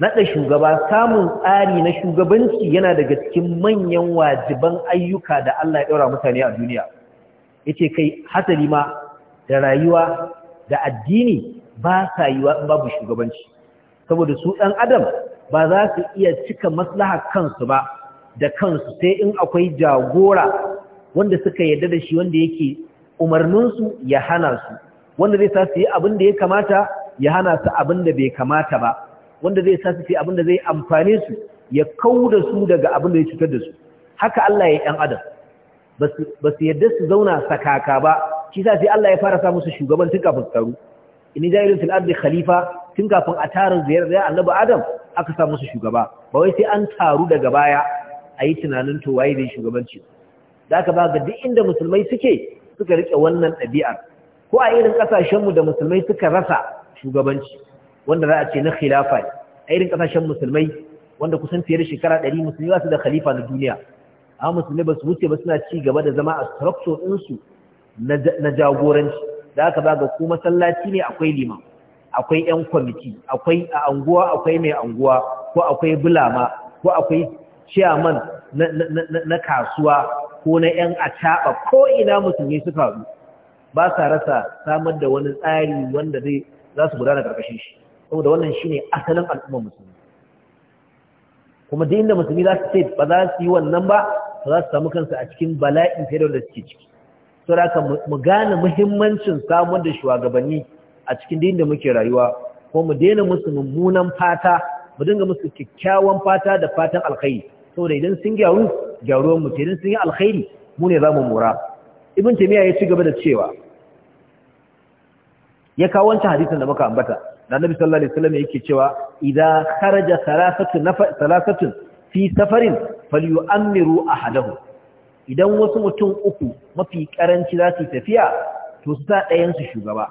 [SPEAKER 1] Naɗa shugaba samun tsari na shugabanci yana daga cikin manyan wajiban ayyuka da Allah ya daura mutane a duniya yace kai hasali ma da rayuwa da addini ba sa yiwa in babu shugabanci saboda su ɗan adam ba za su iya cika maslahar kansu ba da kansu sai in akwai jagora wanda suka yarda da shi wanda yake umarninsu ya hana su wanda zai sa su yi abin da ya kamata ya hana su abin da bai kamata ba wanda zai sa su yi abin da zai amfane su ya kau da su daga abin da ya cutar da su haka Allah ya yi ɗan adam ba su yarda su zauna sakaka ba shi sa sai Allah ya fara sa musu shugaban tun kafin tsaro inni ja'irin fil ardi khalifa tun kafin a tarin ziyarar da annabi adam aka sa musu shugaba ba wai sai an taru daga baya ayi tunanin to waye zai shugabanci da aka ba duk inda musulmai suke suka rike wannan ɗabi'ar ko a irin ƙasashenmu da musulmai suka rasa shugabanci wanda za a ce na khilafa a irin ƙasashen musulmai wanda kusan fiye da shekara ɗari musulmi ba su da khalifa na duniya amma musulmai ba su wuce ba suna ci gaba da zama a structure ɗinsu na jagoranci da aka ba ga kuma masallaci ne akwai liman akwai 'yan kwamiti akwai a anguwa akwai mai anguwa ko akwai bulama ko akwai ciyaman na kasuwa ko na 'yan acaba ko ina musulmi suka haɗu ba sa rasa samar da wani tsari wanda zai za su gudana ƙarƙashin shi saboda wannan shi ne asalin al'ummar musulmi kuma duk inda musulmi za su ce ba za su yi wannan ba ba za su samu kansu a cikin bala'in fiye da wanda suke ciki saboda mu gane muhimmancin samun da shugabanni a cikin din da muke rayuwa ko mu daina musu mummunan fata mu dinga musu kyakkyawan fata da fatan alkhairi saboda idan sun gyaru gyaruwan mu idan sun yi alkhairi mu ne zamu mura ibn tamiya ya ci gaba da cewa ya kawo wancan hadisin da muka ambata da annabi sallallahu alaihi wasallam yake cewa idza kharaja thalathatu nafar thalathatu fi safarin falyu'ammiru ahadahu idan wasu mutum uku mafi karanci za su tafiya to su sa ɗayan su shugaba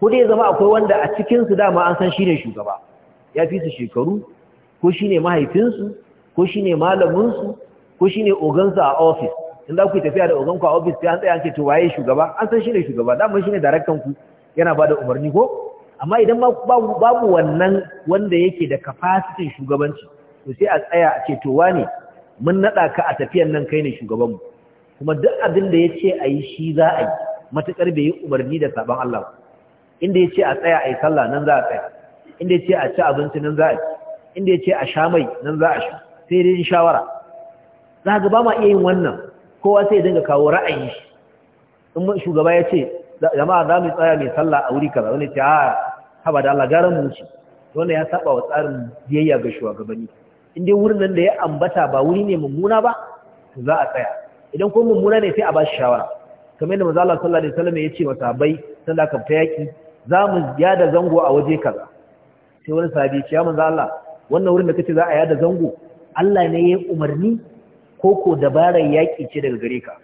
[SPEAKER 1] ko dai zama akwai wanda a cikin su dama an san shine shugaba ya fi su shekaru ko shine mahaifinsu ko shine malaminsu ko shine ogansu a office in za ku yi tafiya da oganku a office sai an tsaya ce to waye shugaba an san shine shugaba dama shine daraktan ku yana bada umarni ko amma idan babu wannan wanda yake da capacity shugabanci to sai a tsaya a ce to wane mun naɗa ka a tafiyan nan kai ne shugabanmu kuma duk abin da ya ce a yi shi za a yi matuƙar bai yi umarni da sabon Allah inda ya ce a tsaya a yi sallah nan za a tsaya inda ya ce a ci abinci nan za a ci inda ya ce a sha mai nan za a sha sai dai shawara za ga ba ma iya yin wannan kowa sai dinga kawo ra'ayi in shugaba ya ce jama'a za mu tsaya mai sallah a wuri kaza wani ce a haba da Allah garan mu ce wannan ya saba wa tsarin biyayya ga shugabanni inda wurin nan da ya ambata ba wuri ne mummuna ba za a tsaya idan ko mummuna ne sai a ba shi shawara kamar yadda manzo Allah sallallahu alaihi wasallam ya ce wa sahabbai sallah ka fita yaki za mu yada zango a waje kaza sai wani sahabi ya manzo Allah wannan wurin da kace za a yada zango Allah ne ya umarni ko ko dabarar yaki ce daga gare ka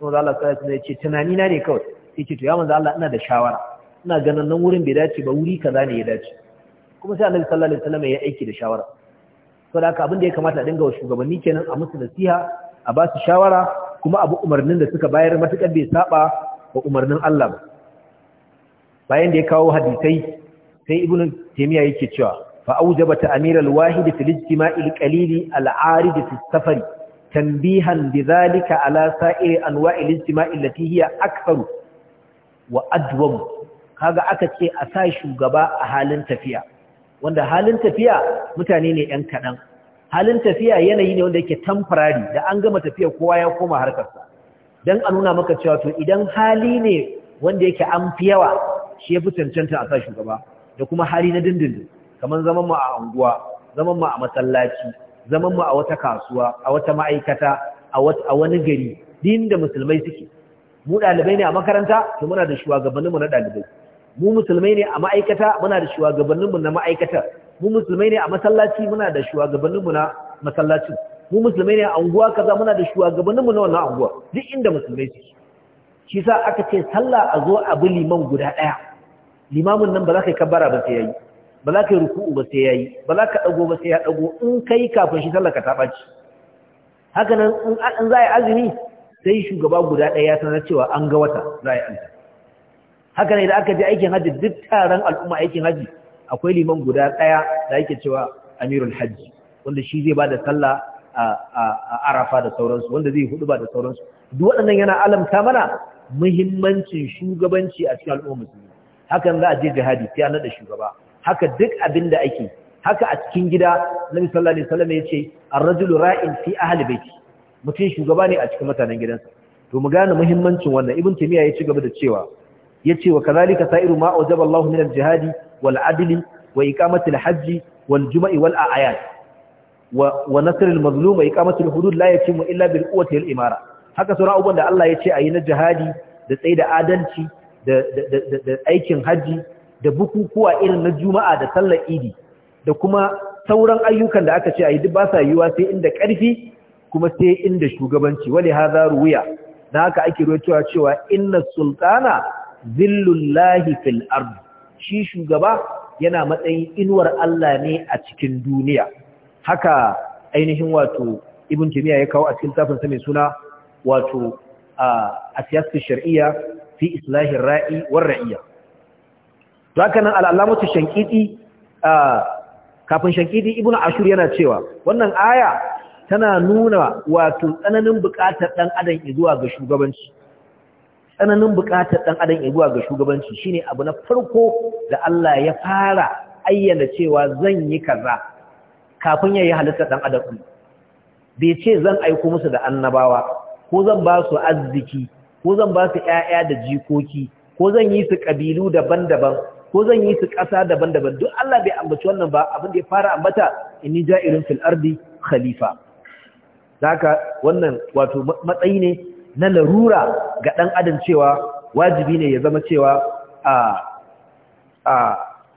[SPEAKER 1] manzo Allah sallallahu alaihi wasallam ya ce tunani na ne kawai sai ce to ya manzo Allah ina da shawara ina ganin nan wurin bai dace ba wuri kaza ne ya dace kuma sai Annabi sallallahu alaihi wasallam ya aiki da shawara so da abin da ya kamata a dinga wa shugabanni kenan a musu nasiha a ba su shawara kuma abu umarnin da suka bayar matukar bai saba wa umarnin Allah ba bayan da ya kawo hadisai sai ibnu taymiya yake cewa fa aujaba ta'mir al-wahid fi al-ijtima'i al-qalil al-arid fi safari tanbihan bidhalika ala sa'ir anwa'i al-ijtima'i allati hiya akthar wa adwam kaga aka ce a sa shugaba a halin tafiya wanda halin tafiya mutane ne ‘yan kaɗan halin tafiya yanayi ne wanda yake tamfarari da an gama tafiya kowa ya koma harkarsa don a nuna maka cewa to idan hali ne wanda yake an fi yawa shi ya fi cancanta a sa shugaba da kuma hali na dindindin kamar zaman mu a anguwa zaman mu a masallaci zaman mu a wata kasuwa a wata ma'aikata a wani gari din musulmai suke mu ɗalibai ne a makaranta to muna da shugabanninmu na ɗalibai mu musulmai ne a ma'aikata muna da shugabanninmu na ma'aikatar mu musulmai ne a masallaci muna da shugabanninmu na masallaci mu musulmai ne a unguwa kaza muna da shugabanninmu na wannan unguwa duk inda musulmai su shi sa aka ce sallah a zo a bi liman guda ɗaya limamin nan ba za ka yi kabbara ba sai yayi ba za ka yi ruku'u ba sai yayi ba za ka dago ba sai ya dago in kai kafin shi sallah ka ta ɓaci haka nan in za a yi azumi sai shugaba guda ɗaya ya sanar cewa an ga wata za a yi azumi haka ne da aka je aikin hajji duk taron al'umma aikin hajji, akwai liman guda ɗaya da ake cewa amirul hajji wanda shi zai ba da sallah a arafa da sauransu wanda zai hudu ba da sauransu duk waɗannan yana alamta mana muhimmancin shugabanci a cikin al'umma musulmi hakan za a je jihadi sai a nada shugaba haka duk abin da ake haka a cikin gida nabi sallallahu alaihi wasallam ya ce ar-rajulu ra'in fi ahli baiti mutum shugaba ne a cikin mutanen gidansa to mu gane muhimmancin wannan ibn tamiya ya ci gaba da cewa Ya ce wa kazalika sa'iru ma awjaba Allahu jihadi, al-jihad wa iqamati al wal juma'i wal a'yad wa wa mazlum wa iqamati al-hudud la illa bil quwwati wal imara haka sauran abubuwan da Allah a yi na jihadi da tsayi da adalci da aikin hajji, da bukukuwa irin na juma'a da sallar idi da kuma sauran ayyukan da aka ce ayi duk ba sa sai inda karfi kuma sai inda shugabanci wali hadha ruwiya na haka ake ruwaitowa cewa inna sultana zillullahi fil ard shi shugaba yana matsayin inuwar Allah ne a cikin duniya haka ainihin wato ibn timiya ya kawo a cikin tafin sa mai suna wato a siyasar shar'iyya fi islahin ra'i war ra'iyya to haka nan al'alamatu shankiti kafin ibn ashur yana cewa wannan aya tana nuna wato tsananin buƙatar ɗan adam zuwa ga shugabanci tsananin buƙatar ɗan adam ya zuwa ga shugabanci shine abu na farko da Allah ya fara ayyana cewa zan yi kaza kafin ya yi halittar ɗan adam bai ce zan aiko musu da annabawa ko zan ba su arziki ko zan ba su ƴaƴa da jikoki ko zan yi su ƙabilu daban-daban ko zan yi su ƙasa daban-daban duk Allah bai ambaci wannan ba abin da ya fara ambata inni ja'irun fil ardi khalifa zaka wannan wato matsayi ne na larura ga ɗan adam cewa wajibi ne ya zama cewa a a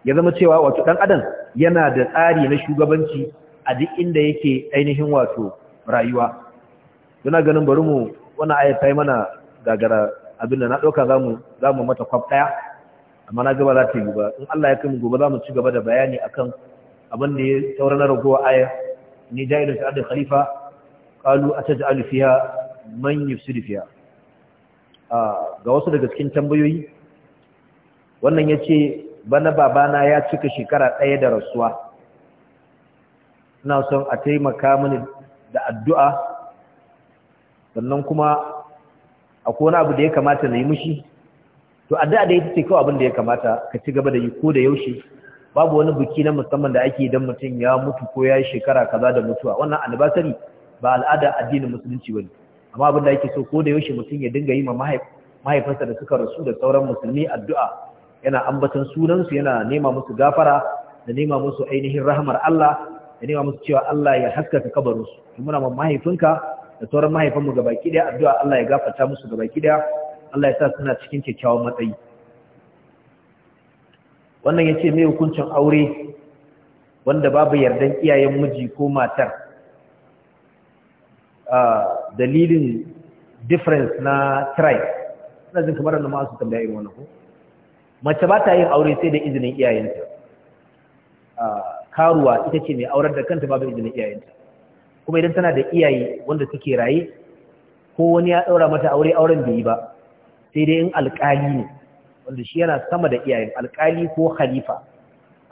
[SPEAKER 1] ya zama cewa wato ɗan adam yana da tsari na shugabanci a duk inda yake ainihin wato rayuwa yana ganin bari mu wani ayat yi mana gagara abinda na ɗauka za mu mata kwaf ɗaya amma na gaba za ta yi ba in Allah ya kai mu gobe za mu ci gaba da bayani akan abin da ya saura na ragowa aya ni ja'ilu ta'adda khalifa Kalu ta ji alifiya man yusrifiya ga wasu daga cikin tambayoyi wannan yace bana babana ya cika shekara ɗaya da rasuwa ina son a taimaka mini da addu'a sannan kuma a wani abu da ya kamata na yi mushi to addu'a da ita ce kawo abin da ya kamata ka ci gaba da yi ko da yaushe babu wani biki na musamman da ake idan mutum ya mutu ko ya yi shekara kaza da mutuwa wannan albasari ba al'ada addinin musulunci bane amma abin da ake so ko da yaushe mutum ya dinga yi ma mahaifinsa da suka rasu da sauran musulmi addu'a yana ambaton sunansu yana nema musu gafara da nema musu ainihin rahmar Allah da nema musu cewa Allah ya haskaka kabarinsu in muna ma mahaifinka da sauran gaba ki daya addu'a Allah ya gafarta musu gabaki daya Allah ya sa suna cikin kyakkyawan matsayi wannan yace me hukuncin aure wanda babu yardan iyayen miji ko matar dalilin difference na tribe suna jin kamar da masu tambaya irin wannan ko mace ba ta yin aure sai da izinin iyayenta karuwa ita ce mai aurar da kanta babu izinin iyayenta kuma idan tana da iyaye wanda suke raye ko wani ya daura mata aure auren bai yi ba sai dai in alkali ne wanda shi yana sama da iyayen alkali ko khalifa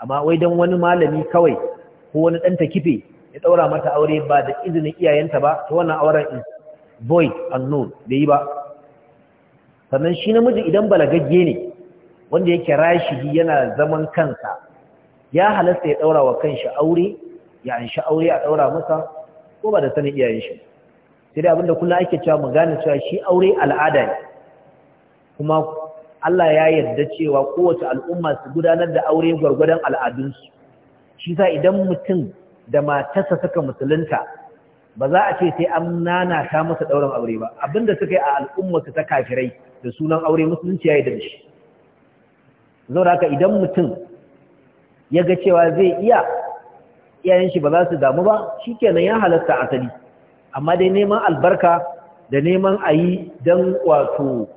[SPEAKER 1] amma wai dan wani malami kawai ko wani ɗanta takife ya daura mata aure ba da izinin iyayenta ba ta wannan auren in void unknown bai yi ba sannan shi namiji idan balagagge ne wanda yake rashidi yana zaman kansa ya halasta ya ɗaura wa kanshi aure ya anshi aure a daura masa ko ba da sanin iyayen shi sai dai abinda kullum ake cewa mu gane cewa shi aure al'ada ne kuma Allah ya yarda cewa kowace al'umma su gudanar da aure gwargwadon al'adunsu shi sa idan mutum da matarsa suka musulunta ba za a ce sai an nana ta musu ɗaurin aure ba abinda suka yi a al'ummarsu ta kafirai da sunan aure musulunci ya yi da shi da haka idan mutum ya ga cewa zai iya iyayen shi ba za su damu ba shi kenan ya halatta asali amma dai neman albarka da neman a yi don wato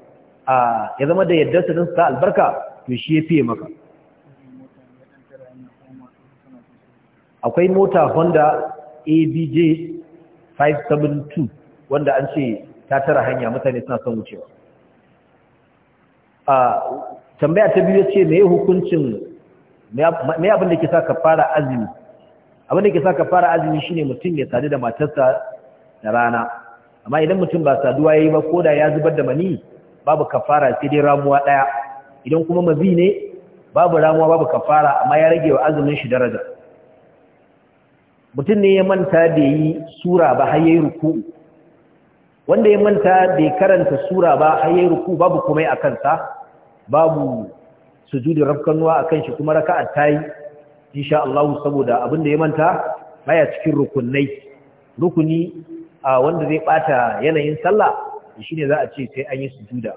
[SPEAKER 1] ya zama da yadda su don su ta albarka to shi ya fiye maka akwai mota honda abj 572 wanda an ce ta tara hanya mutane suna son wucewa a tambaya ta biyu ce me hukuncin me abin da ke sa ka fara azumi abin da ke sa ka fara azumi shine mutum ya sadu da matarsa da rana amma idan mutum ba saduwa yayi ba koda ya zubar da mani babu kafara sai dai ramuwa daya idan kuma mazi ne babu ramuwa babu kafara amma ya rage wa azumin shi daraja mutum ne ya manta da yi sura ba har yayi ruku wanda ya manta bai karanta sura ba har yayi ruku babu komai a kansa babu sujudi rafkanuwa akan shi kuma raka'ar tayi insha Allah saboda abin da ya manta baya cikin rukunai rukuni a wanda zai bata yanayin sallah shine za a ce sai an yi sujuda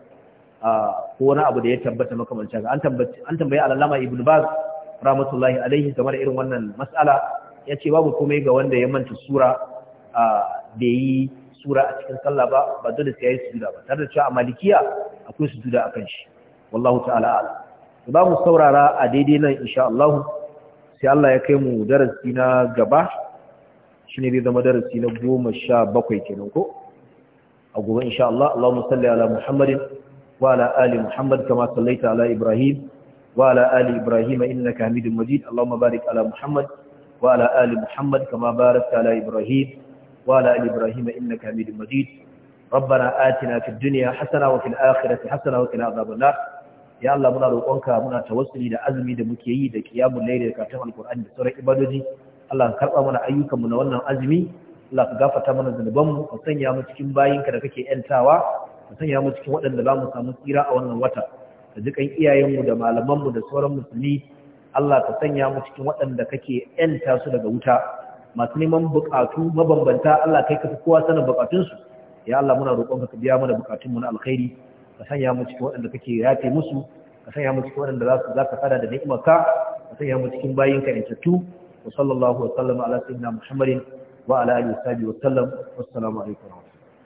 [SPEAKER 1] ko wani abu da ya tabbata makamancin an tambayi an tambayi al Ibn Baz rahmatullahi alaihi game da irin wannan mas'ala ya ce babu komai ga wanda ya manta sura da yi sura a cikin sallah ba ba dole sai ya yi sujuda ba tare da cewa a malikiya akwai sujuda a kan shi wallahu ta'ala ala ba mu saurara a daidai nan insha Allah sai Allah ya kai mu darasi na gaba shine zai zama darasi na goma sha bakwai kenan ko a gobe insha Allah Allahumma salli ala Muhammadin wa ala ali Muhammad kama sallaita ala Ibrahim wa ala ali Ibrahim innaka Hamidum Majid Allahumma barik ala Muhammad وعلى آل محمد كما باركت على إبراهيم وعلى آل إبراهيم إنك حميد مجيد ربنا آتنا في الدنيا حسنة وفي الآخرة حسنة وقنا عذاب النار ya Allah muna roƙonka muna tawassuli da azumi da muke yi da kiyamul layli da karatun alqur'ani da sauran ibadoji Allah ka karba mana ayyukan mu na wannan azumi Allah ka gafarta mana zanuban mu ka sanya mu cikin bayinka da kake yantawa ka sanya mu cikin waɗanda za mu samu tsira a wannan wata da dukan iyayen mu da malaman mu da sauran musulmi Allah ka sanya mu cikin waɗanda kake ‘yanta su daga wuta masu neman buƙatu mabambanta Allah kai ka fi kowa sanin buƙatunsu ya Allah muna roƙon ka biya mana buƙatunmu na alkhairi ka sanya mu cikin waɗanda kake yafe musu ka sanya mu cikin waɗanda za su za ka sada da ni'imarka ka sanya mu cikin bayin ka intattu wa sallallahu wa sallama ala sayyidina muhammadin wa ala alihi wa sahbihi wa sallam wassalamu alaikum